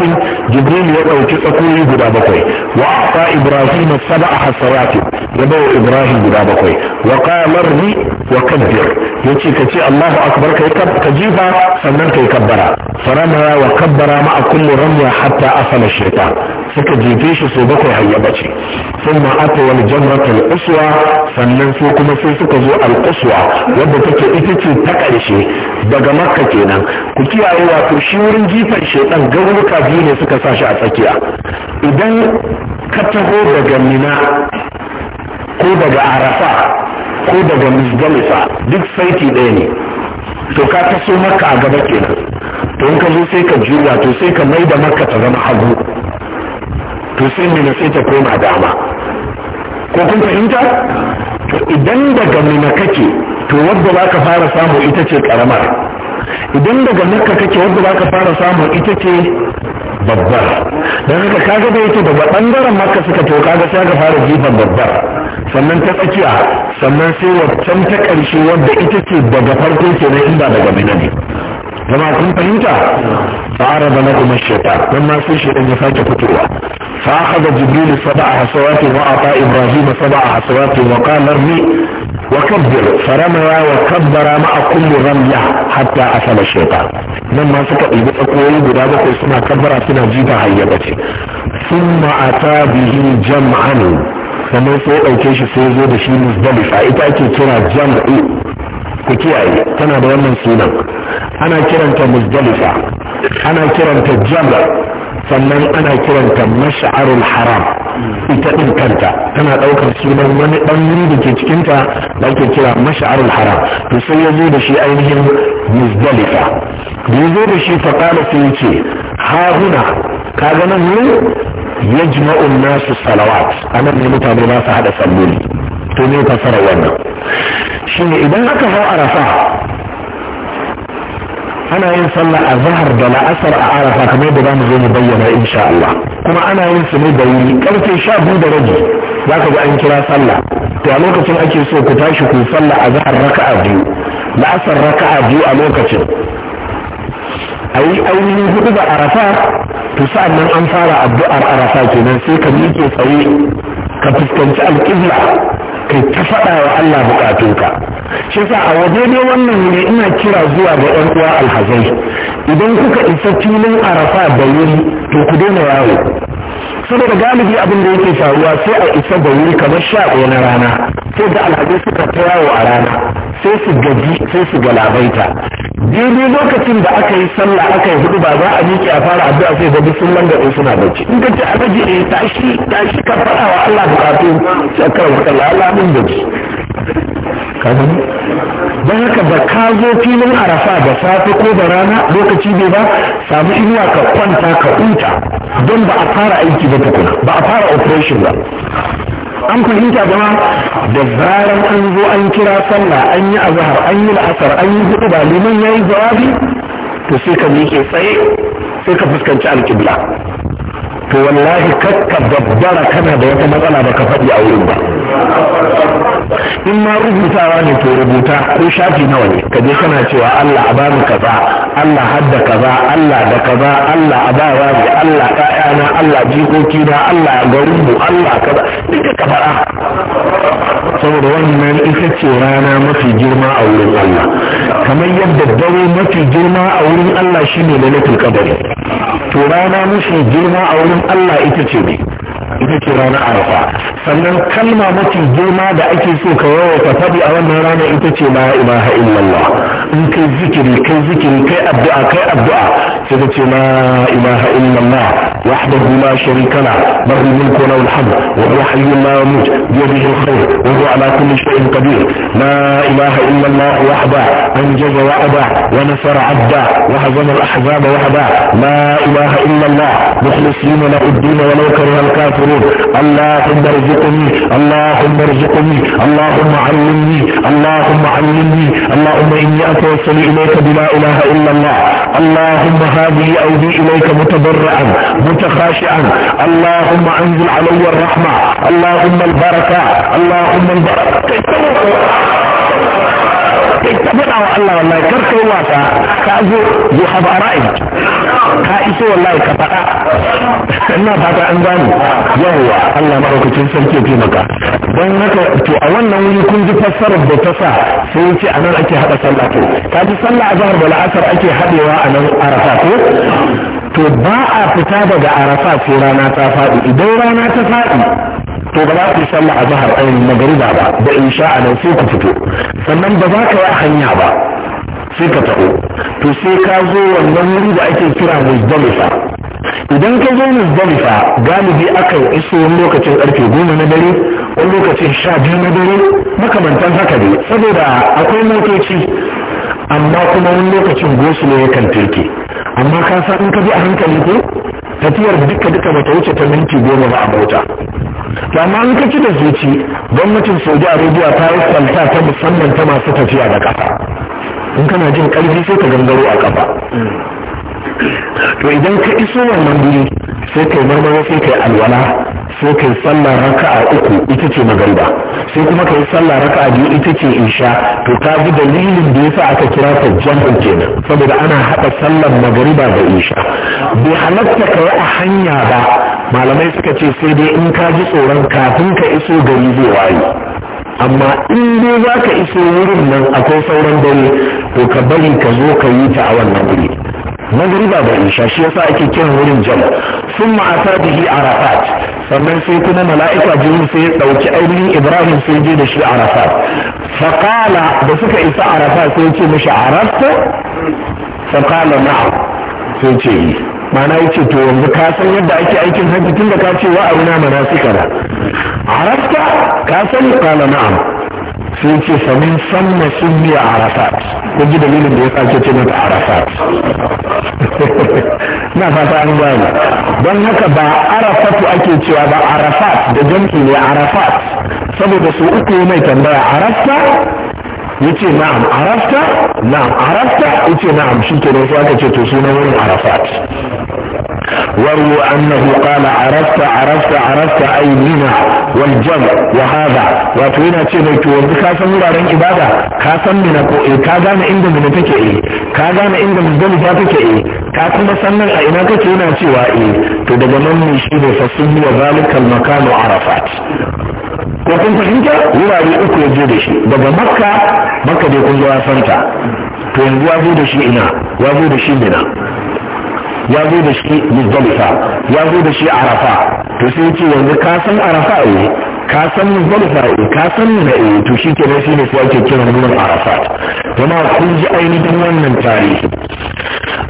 جبريل يقول كيف اقول يقول وعطى ابراهيم السبع حصوات يبو ابراهيم يقول وقال ارني وكبر يوتي كتي الله اكبر كجيبا سنن كيكبرا فرمها وكبرا مع كل رمية حتى اصل الشيطان suka jefe shi so bakwai hayya bace sun ma aka wani jamratul uswa sannan su kuma sai suka zo al-uswa wadda take ita ce ta ƙarshe daga makka kenan ku kiyaye wato shi wurin jifan shedan garuruka biyu ne suka sa shi a tsakiya idan ka taho daga mina ko daga arafa ko daga musdalifa duk saiti ɗaya ne to ka taso maka a gaba kenan to in ka zo sai ka juya to sai ka mai da maka ta zama hagu to sai mina ta koma dama ko kun fahimta to idan daga mina kake to wadda za ka fara samu ita ce karamar idan daga makka kake wadda za ka fara samu ita ce babbar don haka kaga da yake daga bangaren makka suka to kaga sai ga fara jifan babbar sannan ta tsakiya sannan sai waccan ta ƙarshe wadda ita ce daga farko na inda daga mina ne kuma kun fahimta fara da na kuma sheta kun ma sai shaitan ne sake fitowa fa akhadha jibril sab'a hasawati wa ata ibrahim sab'a hasawati wa qala ni wa kabbir farama wa kabbara ma kulli ramya hatta asala shaitan nan ma suka dubi tsakoyi guda bakwai suna kabbara suna jiba hayyaba ce thumma ata bihi jam'an sannan sai dauke shi sai zo da shi musdalifa ita ake kira jam'u ku kiyaye tana da wannan sunan ana kiranta muzdalifa ana kiranta jabal sannan ana kiranta mash'arul haram ita din kanta tana daukar sunan wani ɗan da ke cikinta da ake kira mash'arul haram to sai ya zo da shi ainihin muzdalifa da ya zo da shi faqala sai yace ha huna nan ne yajma'u nasu salawat anan ne mutane ba su hada salloli to ne wannan shine idan aka hau arafa ana yin sallah a zahar da la'asar a arafa kamar da za mu zo mu bayyana insha Allah kuma ana yin su ne da wuri karfe sha biyu da rabi za ka ga an kira sallah to a lokacin ake so ku tashi ku sallah a zahar raka'a biyu la'asar raka'a biyu a lokacin a yi ainihin hudu da arafa to sa'an nan an fara addu'ar arafa kenan sai ka miƙe tsaye ka fuskanci alƙibla kai ta faɗa wa Allah bukatunka shi sa a waje ne wannan wuri ina kira zuwa ga ƴan uwa alhazai idan kuka isa filin arafa da wuri to ku daina yawo saboda galibi abin da yake faruwa sai a isa da wuri kamar sha ɗaya na rana sai da alhazai suka ta yawo a rana sai su gaji sai su galabaita daidai lokacin da aka yi sallah aka yi hudu ba za a miƙe a fara addu'a sai gaji sun langa ɗin suna bacci in ka ce alaji ne eh, tashi tashi ka faɗa wa Allah bukatu ka rubuta Allah kun gaji kaga don haka ba ka zo filin arafa da safe ko da rana lokaci bai ba samu inuwa ka kwanta ka huta don ba a fara aiki ba tukuna ba a fara operation ba an fahimta ba da zaran an zo an kira sallah an yi azhar an yi la'asar an yi hudu ba liman ya yi jawabi to sai ka miƙe tsaye sai ka fuskanci alƙibla to wallahi kakka dabbara kana da wata matsala ba ka faɗi a wurin ba in ma rubutawa ne to rubuta ko shafi nawa ne ka je kana cewa Allah a bani kaza Allah hadda kaza Allah da kaza Allah a ba wani Allah ƴaƴana Allah jikoki na Allah garubu Allah kaza duka ka fara. saboda wannan ita ce rana mafi girma a wurin Allah kamar yadda dare mafi girma a wurin Allah shine lailatul qadr to rana mafi girma a wurin Allah ita ce ne ita ce rana arafa sannan kalma mafi girma da ake so ka yawaita faɗi a wannan rana ita ce la ilaha illallah in kai zikiri kai zikiri kai addu'a kai addu'a sai ka ce la ilaha illallah wahdahu la sharika la lahu mulku wa lahu alhamd wa huwa hayyun la yamut bi yadihi alkhair wa huwa ala kulli shay'in qadir لا إله إلا الله وحده أنجز وأبى ونصر عبده وهزم الأحزاب وحده لا إله إلا الله مخلصين له الدين ولو كره الكافرون اللهم ارزقني اللهم ارزقني اللهم علمني اللهم علمني اللهم إني أتوسل إليك بلا إله إلا الله اللهم هذه أودي إليك متضرعا متخاشعا اللهم أنزل علي الرحمة اللهم البركة اللهم البركة kai ta faɗa wa Allah wallahi kar kai wasa ka zo you have arrived ka iso wallahi ka faɗa ina fata an gani yawwa Allah madaukakin sarki ya taimaka don haka to a wannan wuri kun ji fassarar da ta sa sai yace a nan ake haɗa sallah to ka ji sallah a da la'asar ake haɗewa a nan arafa ko to ba a fita daga arafa sai rana ta faɗi idan rana ta faɗi to ba za ku sallah a zahar ayin magariba ba da in sha nan sai ku fito sannan ba za ka yi hanya ba sai ka taho to sai ka zo wannan wuri da ake kira muzdalifa idan ka zo muzdalifa galibi akan iso wani lokacin karfe goma na dare wani lokacin sha biyu na dare makamantan haka ne saboda akwai motoci amma kuma wani lokacin gosulo yakan tirke amma ka san in ka bi a hankali ko tafiyar duka duka bata wuce ta minti goma ba a mota da amma an kaci da zuci gwamnatin saudi arabia ta yi salta ta musamman ta masu tafiya da kafa in kana jin karfi sai ka gangaro a kafa to idan ka iso wannan guri sai kai marmara sai kai alwala sai kai sallar raka a uku ita ce magariba sai kuma kai sallar raka a biyu ita ce isha to ka bi dalilin da yasa aka kira ta jam'in kenan saboda ana haɗa sallar magariba da isha bai halatta ka a hanya ba malamai suka ce sai dai in ka ji tsoron kafin ka iso gari zai waye amma in dai za ka iso wurin nan akwai sauran dare to ka bari ka zo ka yi ta a wannan wuri magriba da isha shi yasa ake kiran wurin jam sun ma'ata bihi arafat sannan sai kuma mala'ika jirin sai ya ɗauki ainihin ibrahim sai je da shi arafat faƙala da suka isa arafat sai ce mishi arafta faƙala na sai ce yi mana ya ce to yanzu ka san yadda ake aikin hajji tun da ka ce wa abu mana da arafta ka san faƙala na sun ce samin samma sun biya a arafat ko ji dalilin da ya sake ce mata arafat na fata an gane don haka ba arafatu ake cewa ba arafat da jam'i ne arafat saboda su uku mai tambaya arafta yace na'am arafta na'am arafta yace na'am shi ke sai aka ce to sunan wani arafat Annahu وروى arafta arafta عرفت عرفت عرفت أي منى wato yana ce mai تو yanzu ka san wuraren ibada ka san mina ko eh ka gane inda mina take eh ka gane inda muzdalifa take eh ka kuma sannan a ina kake yana cewa eh to daga nan ne shi ne fasun wa zalikal makanu arafat ko kun fahimta wurare uku ya je da shi daga makka makka dai kun zuwa santa to yanzu ya zo da shi ina ya zo da shi mina ya zo da shi muzdalifa ya zo da shi arafa to sai ce yanzu ka san arafa eh كاسم مفرسة كاسم نئي تشيك نسي نسوات كنا من العرفات وما كنج أين دوان من تاريخ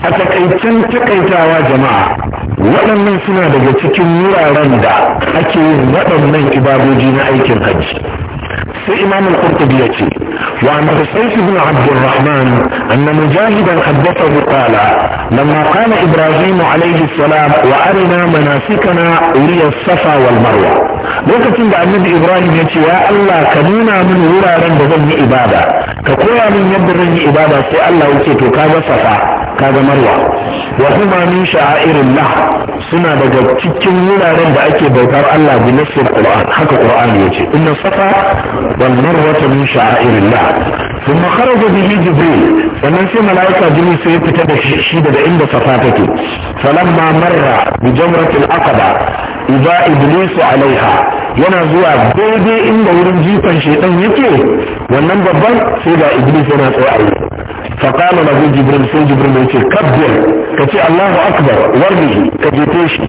أتقيتن تقيتا يا جماعة وأنا من سنة بجتك نورا رندا أكي وأنا من إباب جينا أيك الحج في إمام القرطبية وعن رسيس بن عبد الرحمن أن مجاهدا حدثه قال لما قال إبراهيم عليه السلام وأرنا مناسكنا أولي الصفا والمروة lokacin da annabi ibrahim ya ce ya allah ka nuna min wuraren da zan yi ibada ka koya min yadda zan yi ibada sai allah ya to ka safa ka ga marwa wa huma min sha'airillah suna daga cikin wuraren da ake bautar allah bi nasir qur'an haka qur'ani ya ce inna safa wal marwa min sha'airillah ثم خرج به جبريل sannan sai mala'ika jini sai ya fita da shi daga inda safa take falamma marra bi jamratil aqaba idza iblisu alaiha yana zuwa daidai inda wurin jifan shedan yake wannan babban sai ga iblis yana tsaye fa na lahu jibril sai jibril yace kabbir kace allahu akbar warni ka jefe shi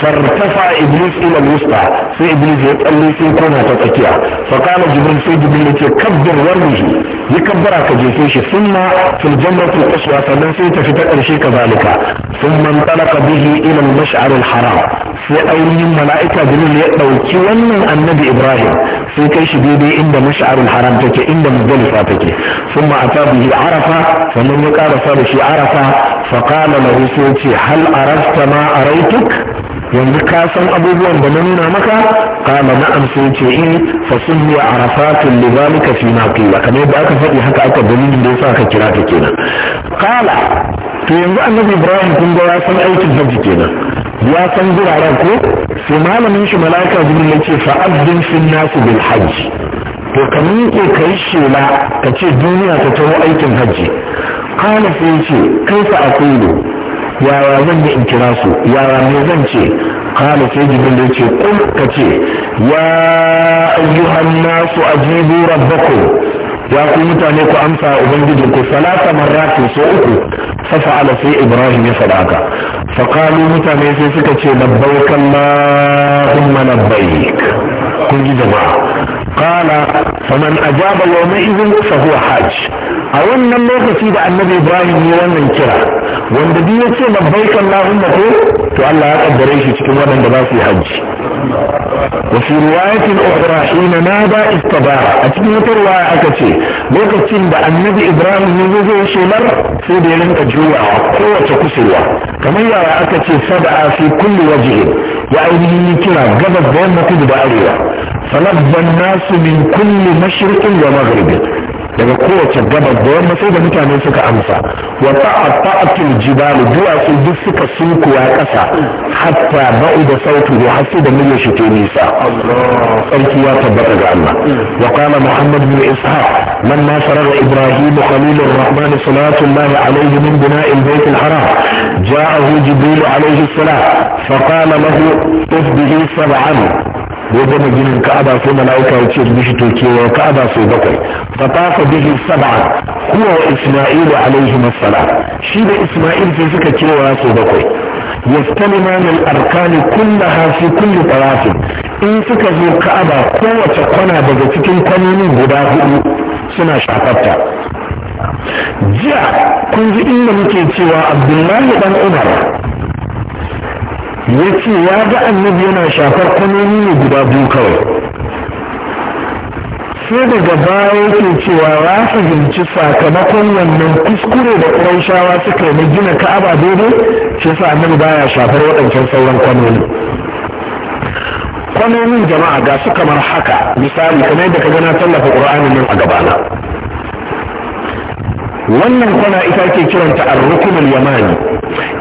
fartafa iblis ila wusta sai iblis ya tsalle sai kona ta tsakiya fa qala jibril sai jibril yace kabbir warni yi kabbara ka jefe shi summa fil jannatul quswa sannan sai tafi ta karshe ka zalika summa talaka bihi ila al-mash'ar al-haram sai ainihin mala'ika jibril ya dauki wannan annabi ibrahim sai kai shi daidai inda mash'ar al-haram take inda muzdalifa take summa ata bihi arafa sannan ya karasa da shi arafa fa qala lahu sai ce hal arafta ma araituk yanzu ka san abubuwan da na nuna maka kama na amsa ce in eh, fasun ne arafatun libalika fi na kila kamar yadda aka faɗi haka aka dalilin da sa ka kira ta kenan kala to yanzu annabi ibrahim kun ga ya san aikin hajji kenan ya san guraren ko sai malamin shi mala'ika jibril ya ce din fin nasu bil hajji to ka miƙe ka yi shela ka ce duniya ta taho aikin hajji kala sai ce kai fa yara zan yi in kira su yara me zan ce kala sai jibril ya ce kul ka ce ya ayyuhan nasu ajibu rabbakum ya ku mutane ku amsa ubangijin ku salata marrati so uku fa fa'ala sai ibrahim ya faɗa ka fa qalu mutane sai suka ce labbaik allahumma labbaik kun ji jama'a قال فمن أجاب يومئذ فهو hajji a wannan lokaci da annabi ibrahim ya wannan kira wanda biyu ya ce labbaik allahumma ko to allah ya kaddare shi cikin waɗanda ba su yi hajji wa fi riwayatin ukhra hina nada istabara a cikin wata riwaya aka ce lokacin da annabi ibrahim ya zo zai shelar sai da ya rinka juyawa kowace kusurwa kamar yaya aka ce sada'a fi kulli wajhi ya ainihin kira gabas da yamma kudu da arewa فلبى الناس من كل مشرق ومغرب daga kowace gabar da yamma sai da mutane suka amsa wa ta'atta'atul jibalu duwatsu duk suka sunkuwa kasa hatta ba'u da sautu da hasu da mun shi ke nisa sarki ya tabbata ga Allah wa qala muhammad bin ishaq man ma sarara ibrahim khalil ar-rahman allah alayhi min bina'i al-bayt al-haram ja'ahu jibril alayhi salam fa qala lahu tusbihi sab'an da ya gama ginin ka'aba sai mala'ika ya ce mishi to kewa ka'aba sai bakwai fa tafa به سبعا هو وإسماعيل عليهما السلام شيد إسماعيل في سكة واسو بكوي يستلمان الأركان كلها في كل طواف إن سكة ذو كعبة قوة قنا بجتكين قنين بداه سنة شعبتا جاء كنت إن مكيتي وعبد الله بن عمر ya ce ya ga annabi yana shafar kwanoni ne guda biyu kawai sai daga baya yake cewa ya fahimci sakamakon wannan kuskure da shawa suka yi na gina ka'aba daidai ce sa annabi baya shafar waɗancan sauran kwanoni kwanonin jama'a ga su kamar haka misali kamar yadda ka gana tallafa ƙur'anin nan a gabana wannan kwana ita ke kiranta a rukunin yamani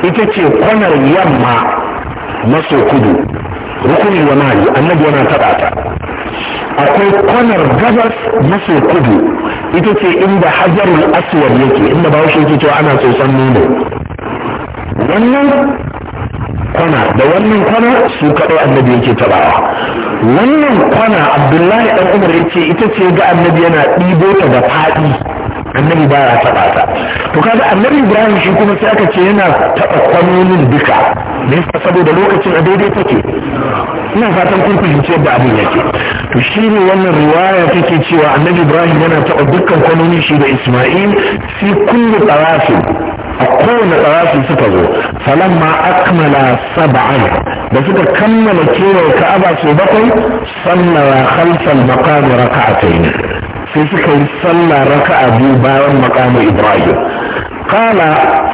ita ce kwanar yamma maso kudu rukunin yamani annabi yana taɓa akwai kwanar gabas maso kudu ita ce inda hajarul aswad yake inda ba bahaushe yake cewa ana tsotson nuna wannan kwana da wannan kwana su kaɗai annabi yake tabawa wannan kwana abdullahi ɗan umar yace ita ce ga annabi yana ɗibo ta da faɗi annabi baya taɓa ta to kaga annabi ibrahim shi kuma sai aka ce yana taba kwanonin duka ne saboda lokacin a daidai take ina fatan kun fahimci yadda abin yake to shi ne wannan riwaya take cewa annabi ibrahim yana taɓa dukkan kwanonin shi da isma'il sai kullu tsarafin, a kowane tsarafin suka zo ma akmala sab'an da suka kammala kewaye ka'aba sau bakwai sallala khalfal maqam raka'atayn sai suka yi sallah raka'a biyu bayan قال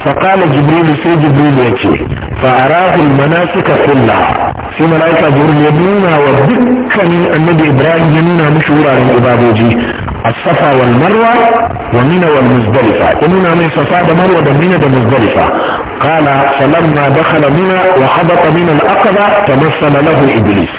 فقال جبريل سي جبريل يجي فأراه المناسك كلها في ملائكة جبريل يبنونا وذكا من النبي إبراهيم ينونا مشهورا من إبابوجي الصفا والمروة ومنى والمزدلفة ينونا من صفا دمروة دمينة والمزدلفة قال فلما دخل منى وحبط من الأقبة تمثل له إبليس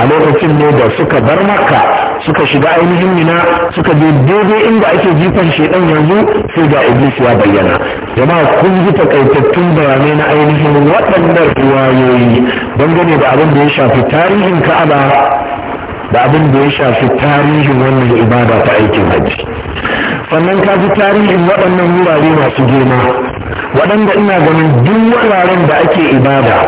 a lokacin ne da suka bar makka suka shiga ainihin mina suka je daidai inda ake jifan shedan yanzu sai ga iblis ya bayyana jama'a kun ji takaitattun bayanai na ainihin waɗannan riwayoyi dangane da abin da ya shafi tarihin ka'aba da abin da ya shafi tarihin wannan ibada ta aikin hajji sannan ka ji tarihin waɗannan wurare masu girma waɗanda ina ganin duk wuraren da ake ibada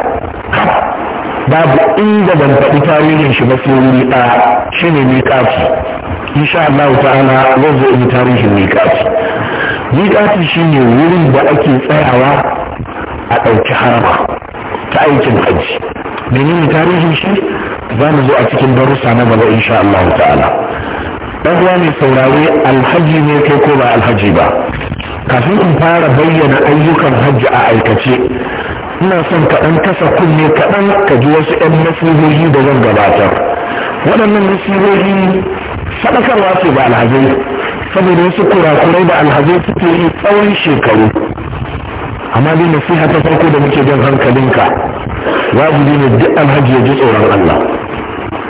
babu inda ban faɗi tarihin shi ba sai wuri ɗaya shine miƙati insha Allah ta'ala zan zo in tarihin miƙati miƙati shine wurin da ake tsayawa a ɗauki harama ta aikin haji. menene tarihin shi za mu zo a cikin darussa na gaba insha Allah ta'ala dan uwa mai saurare alhaji ne kai ko ba alhaji ba kafin in fara bayyana ayyukan hajji a aikace ina son kaɗan kasa kunne kaɗan ka ji wasu 'yan nasihohi da zan gabatar waɗannan nasihohi sadakarwa ce ba alhazai saboda wasu kurakurai da alhazai suke yi tsawon shekaru amma dai nasiha ta farko da muke jan hankalinka wajibi ne duk alhaji ya ji tsoron Allah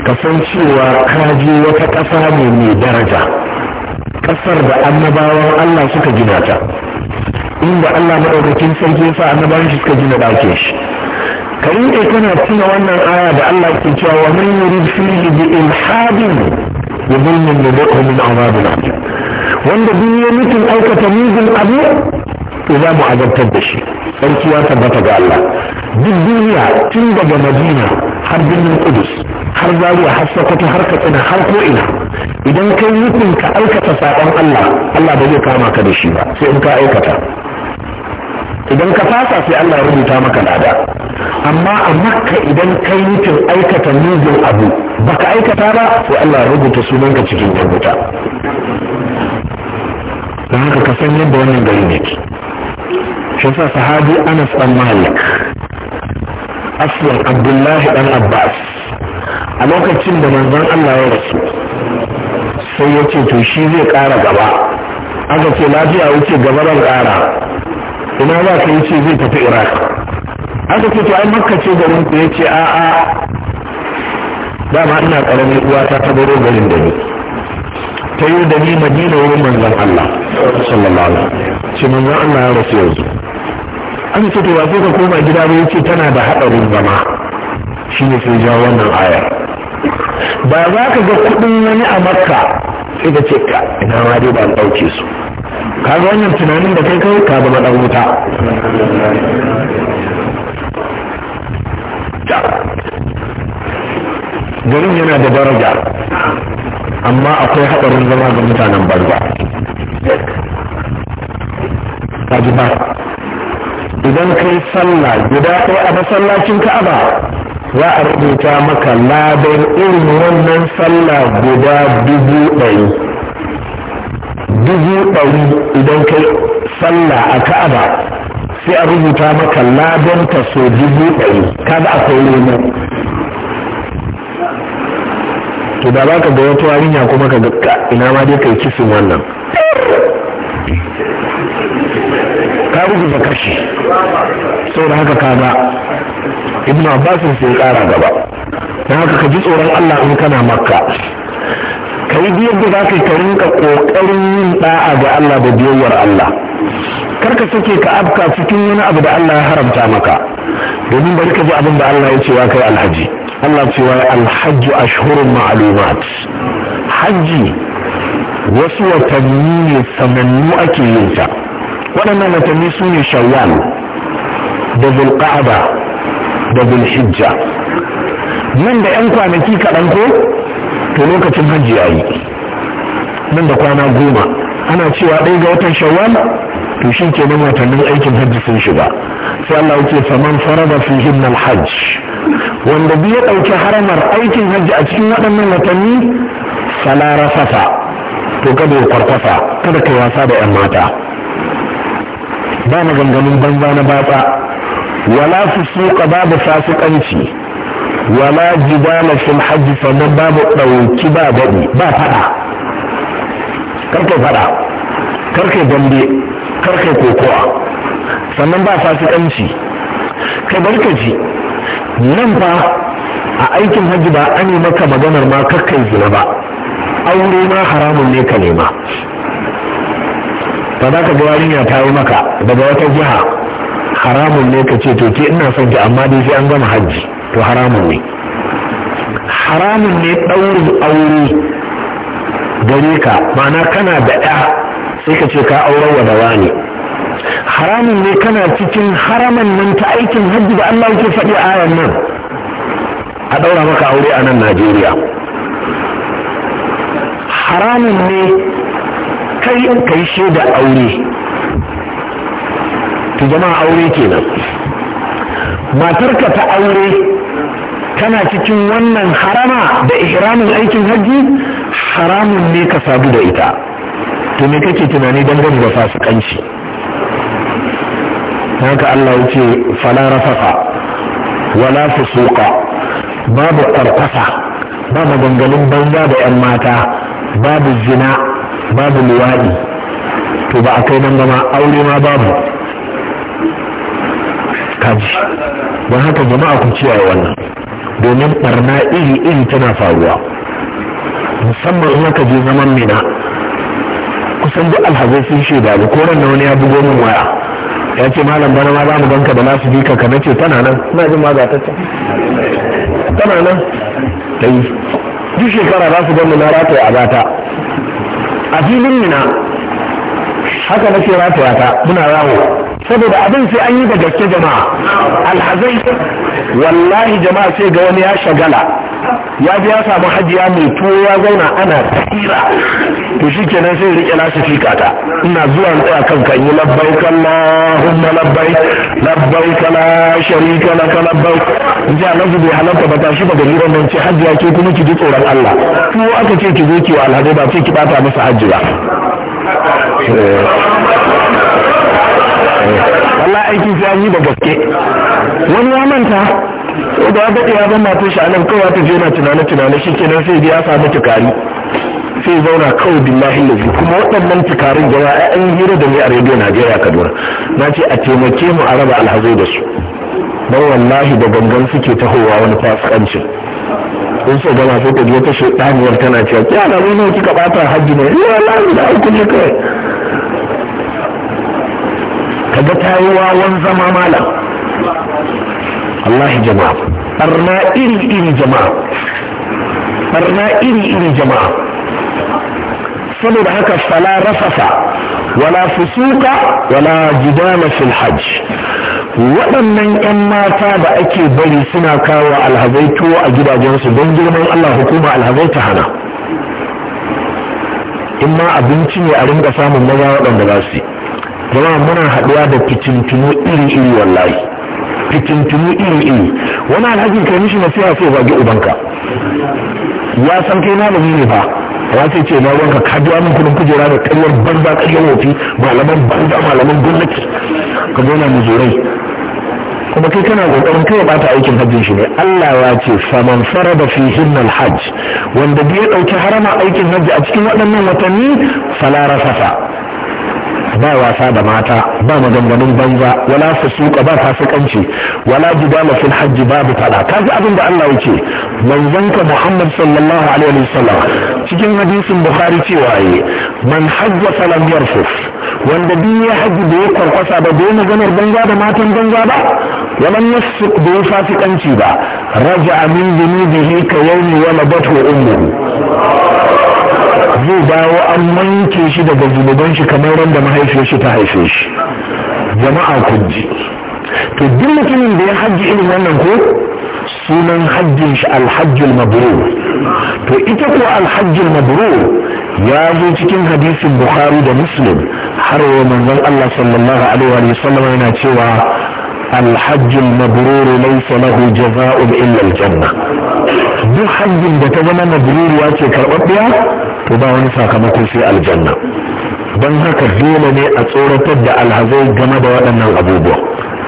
ka san cewa ka je wata ƙasa ne mai daraja ƙasar da annabawan Allah suka gina ta inda Allah maɗaukakin sarki ya sa annabawan shi suka gina ɗakin shi ka rike kana tuna wannan aya da Allah ke cewa wa man yurid fihi bi ilhadin yuzillu yudhu min azabin wanda duk ya mutum aikata mizin abu to za mu azabtar da shi sarki ya tabbata ga Allah duk duniya tun daga Madina har birnin Kudus har Zaria har Sokoto har Katsina har ko'ina. idan kai mutum ka aikata saƙon Allah Allah ba zai kama ka da shi ba sai in ka aikata idan ka fasa sai Allah rubuta maka lada amma a makka idan kai nufin aikata mugun abu baka aikata ba sai Allah rubuta sunanka cikin rubuta don haka ka san yadda wannan gari ne shi sa sahabi Anas dan Malik aslan Abdullahi dan Abbas a lokacin da manzon Allah ya rasu sai ya ce to shi zai kara gaba aka ce lafiya wuce gaba zan kara ina za ka yi ce zai tafi iraq aka ce to ai makka ce garin ku ya ce a'a dama ina karamin uwata ta baro garin da ni ta yi da ni madina wurin manzan Allah sallallahu alaihi ce manzan Allah ya rasu yanzu an ce to ba ka koma gida ba yace tana da hadarin zama shi ne sai jawo wannan ayar ba za ka ga kudin wani a makka sai ka ce ka ina ma dai ba an dauke su kaga wannan tunanin da kai kai ka zama dan wuta garin yana da daraja amma akwai haɗarin zama ga mutanen barza kaji ba idan kai sallah guda ɗaya a masallacin ka'aba za a rubuta maka ladan irin wannan sallah guda dubu ɗari dubu ɗari idan kai sallah a ka'aba sai a rubuta maka ta so dubu ɗari kada akwai nemo to da baka ga wata yarinya kuma ka ga ina ma dai kai kisin wannan ka rubuta kashi saboda haka ka kaga ibnu abbasin sai kara gaba don haka ka ji tsoron allah in kana makka kai biyar da za ka ka rinka ƙoƙarin yin ɗa'a ga Allah da biyayyar Allah kar ka sake ka afka cikin wani abu da Allah ya haramta maka domin bari ka ji abin da Allah ya cewa kai alhaji Allah cewa alhajju ashhurun ma'lumat hajji wasu watanni ne sanannu ake yin ta waɗannan watanni su ne shawwal da zulqa'ada da zulhijja nan da 'yan kwanaki kaɗan ko to lokacin hajji ya yi nan da kwana goma ana cewa ɗaya ga watan shawwal to shi ke nan watannin aikin hajji sun shiga sai Allah yake faman farada fi hinnal hajj wanda biyu ya ɗauki haramar aikin hajji a cikin waɗannan watanni fala rafasa to kada ya kwarkwasa kada kai wasa da yan mata ba maganganun banza na batsa wala su suka babu fasikanci wala jidala fil hajji sannan babu ɗauki ba daɗi ba faɗa karka faɗa karka dambe karka kokowa sannan ba fasikanci ka barkaci nan fa a aikin hajji ba an yi maka maganar ma kakkai zina ba aure ma haramun ne ka nema ba za ka ga yarinya ta yi maka daga wata jiha haramun ne ka ce to ke ina son ki amma dai sai an gama hajji to haramun ne haramun ne ɗaurin aure gare ka ma'ana kana da ɗa sai ka ce ka auren wa dawa ne haramun ne kana cikin haraman nan ta aikin hajji da Allah ke faɗi a ayan nan a ɗaura maka aure a nan Najeriya haramun ne kai kai shaida aure to jama'a aure kenan matarka ta aure kana cikin wannan harama da ihramin aikin hajji haramun ne ka sadu da ita to me kake tunani dangane da fasikanci haka Allah ya ce fala rafasa wala fusuqa babu ƙarƙasa babu dangalin banza da 'yan mata babu zina babu luwaɗi to ba a kai nan gama aure ma babu kaji don haka jama'a ku kiyaye wannan domin barna iri iri tana faruwa musamman in aka je zaman mina kusan duk alhazai sun shaida ba ko ran wani ya bugo min waya ya ce malam bana ma za mu ganka da nasu bika ka nace tana nan na jin ma ta tana nan Ta yi duk shekara za su gani na rataya a bata a filin mina haka nake rataya ta muna rawo saboda abin sai an yi da gaske jama'a alhazai wallahi jama'a sai ga wani ya shagala ya ji ya samu hajiya mai tuwo ya zauna ana tsira to shi kenan sai rike lasu fika ina zuwa in tsaya kan kan yi labbai kallahumma labbai labbai kala sharika laka labbai in ji alhaji bai halatta ba ta shi ba gari wannan ce hajiya ke kuma ki ji tsoron Allah tuwo aka ce ki zo ki wa alhazai ba ce ki bata masa hajji ba eh. wallahi aiki sai yi da gaske wani ya manta ko da ba ya zama mata shi anan kawai ta je na tunane tunane shi kenan sai ya samu tukari sai zauna kawai billahi lafi kuma waɗannan tukarin jama'a an hira da ni a rediyo Najeriya Kaduna na ce a taimake mu a raba alhazai da su don wallahi da gangan suke tahowa wani fasikanci in so gama sai ta je ta shedaniyar tana cewa kyara mu ne kika bata hajji ne ya wallahi da alkuje kawai kaga ta yi wawan zama malam Allah jama'a barna iri iri jama'a barna iri iri jama'a saboda haka fala rafasa wala fusuka wala jidala fil hajj waɗannan 'yan mata da ake bari suna kawo alhazai a gidajensu don girman Allah hukuma alhazai ta hana in ma abinci ne a ringa samun maza waɗanda za su yi jama'a muna haɗuwa da fitintunu iri-iri wallahi fitintunu iri-iri wani alhajin kai mishi na siya sai zagi ubanka ya san kai malami ne ba ya ce ce na ruwan ka biya min kudin kujera da karyar banza karyar wofi malaman banza malaman gwamnati ka zo na muzurai kuma kai kana kokarin kai bata aikin hajjin shi ne Allah ya ce faman farada fihin alhajj wanda bai dauki harama aikin hajji a cikin waɗannan watanni fala rafafa ba wasa da mata ba maganganun banza wala fusuka ba fasikanci wala jidala fil hajji babu fada kaji abin da Allah yake ka Muhammad sallallahu alaihi wasallam cikin hadisin Bukhari cewa yi man hajja falam yarfuf wanda bi ya hajji da ya kwarkwasa ba bai maganar banza da matan banza ba walam yasuk da ya fasikanci ba raja'a min dhunubihi ka yawmi waladathu ummuhu zai dawo an wanke shi daga zunuban shi kamar randa mahaifiyar shi ta haife shi jama'a kun to duk mutumin da ya hajji irin wannan ko sunan hajjin shi alhajjul mabrur to ita ko alhajjul mabrur ya zo cikin hadisin bukhari da muslim har yau manzon Allah sallallahu alaihi wa sallam yana cewa الحج المبرور ليس له جزاء إلا الجنة duk hajjin da ta zama mabruriya ce karɓaɓɓiya to ba wani sakamako sai aljanna don haka dole ne a tsoratar da alhazai game da waɗannan abubuwa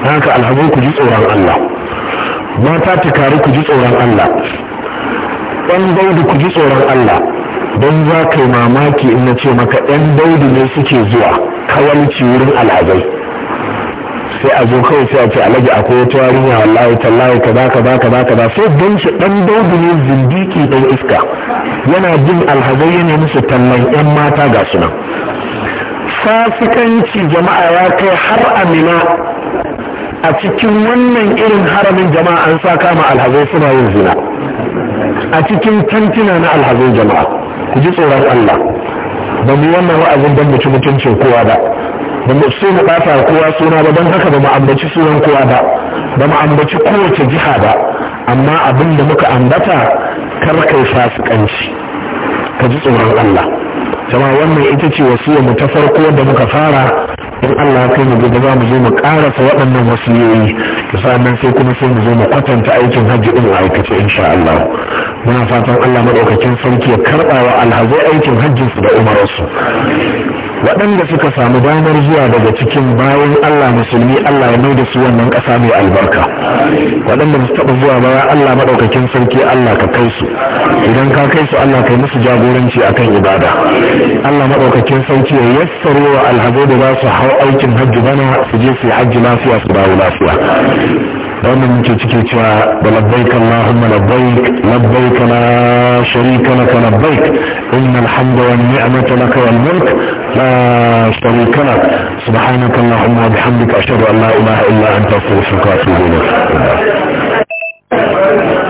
don haka alhazai ku ji tsoron Allah mata tukari ku ji tsoron Allah ɗan daudu ku ji tsoron Allah don za ka yi mamaki in na ce maka ɗan daudu ne suke zuwa kawalci wurin alhazai sai a zo kawai sai a ce alaji akwai wata yarinya wallahi tallahi ka za ka za. sai don shi dan dogon zindiki dan iska yana jin alhazai yana musu tallan yan mata ga su fasikanci jama'a ya kai har amina a cikin wannan irin haramin jama'a an sa kama alhazai suna yin zina a cikin kantina na alhazai jama'a ku ji tsoron Allah ba mu wannan wa'azin don mutum mutuncin kowa ba ba mu so mu ɓata kowa suna ba don haka ba mu ambaci sunan kowa ba ba mu ambaci kowace jiha ba amma abin da muka ambata kar kai fasikanci ka ji tsoron Allah jama wannan ita ce wasiyar mu ta farko da muka fara in Allah kai mu gobe za mu zo mu karasa waɗannan wasiyoyi to sannan sai kuma sai mu zo mu kwatanta aikin hajji din a aikace insha Allah muna fatan Allah madaukakin sarki ya karɓa wa alhazai aikin hajjin su da umararsu waɗanda suka samu damar zuwa daga cikin bayan Allah musulmi Allah ya mai da su wannan ƙasa mai albarka waɗanda su taɓa zuwa baya Allah madaukakin sarki Allah ka kai su idan ka kai su Allah kai musu jagoranci akan ibada Allah maɗaukakin sauki ya yassaro wa alhazai da za su hau aikin hajji bana su je su yi hajji lafiya su dawo lafiya wannan muke cike cewa da labbaik Allahumma labbaik labbaik la sharika laka labbaik innal hamda wan ni'mata laka wal mulk la sharika lak subhanaka Allahumma wa bihamdika ashhadu an la ilaha illa anta astaghfiruka wa atubu ilayk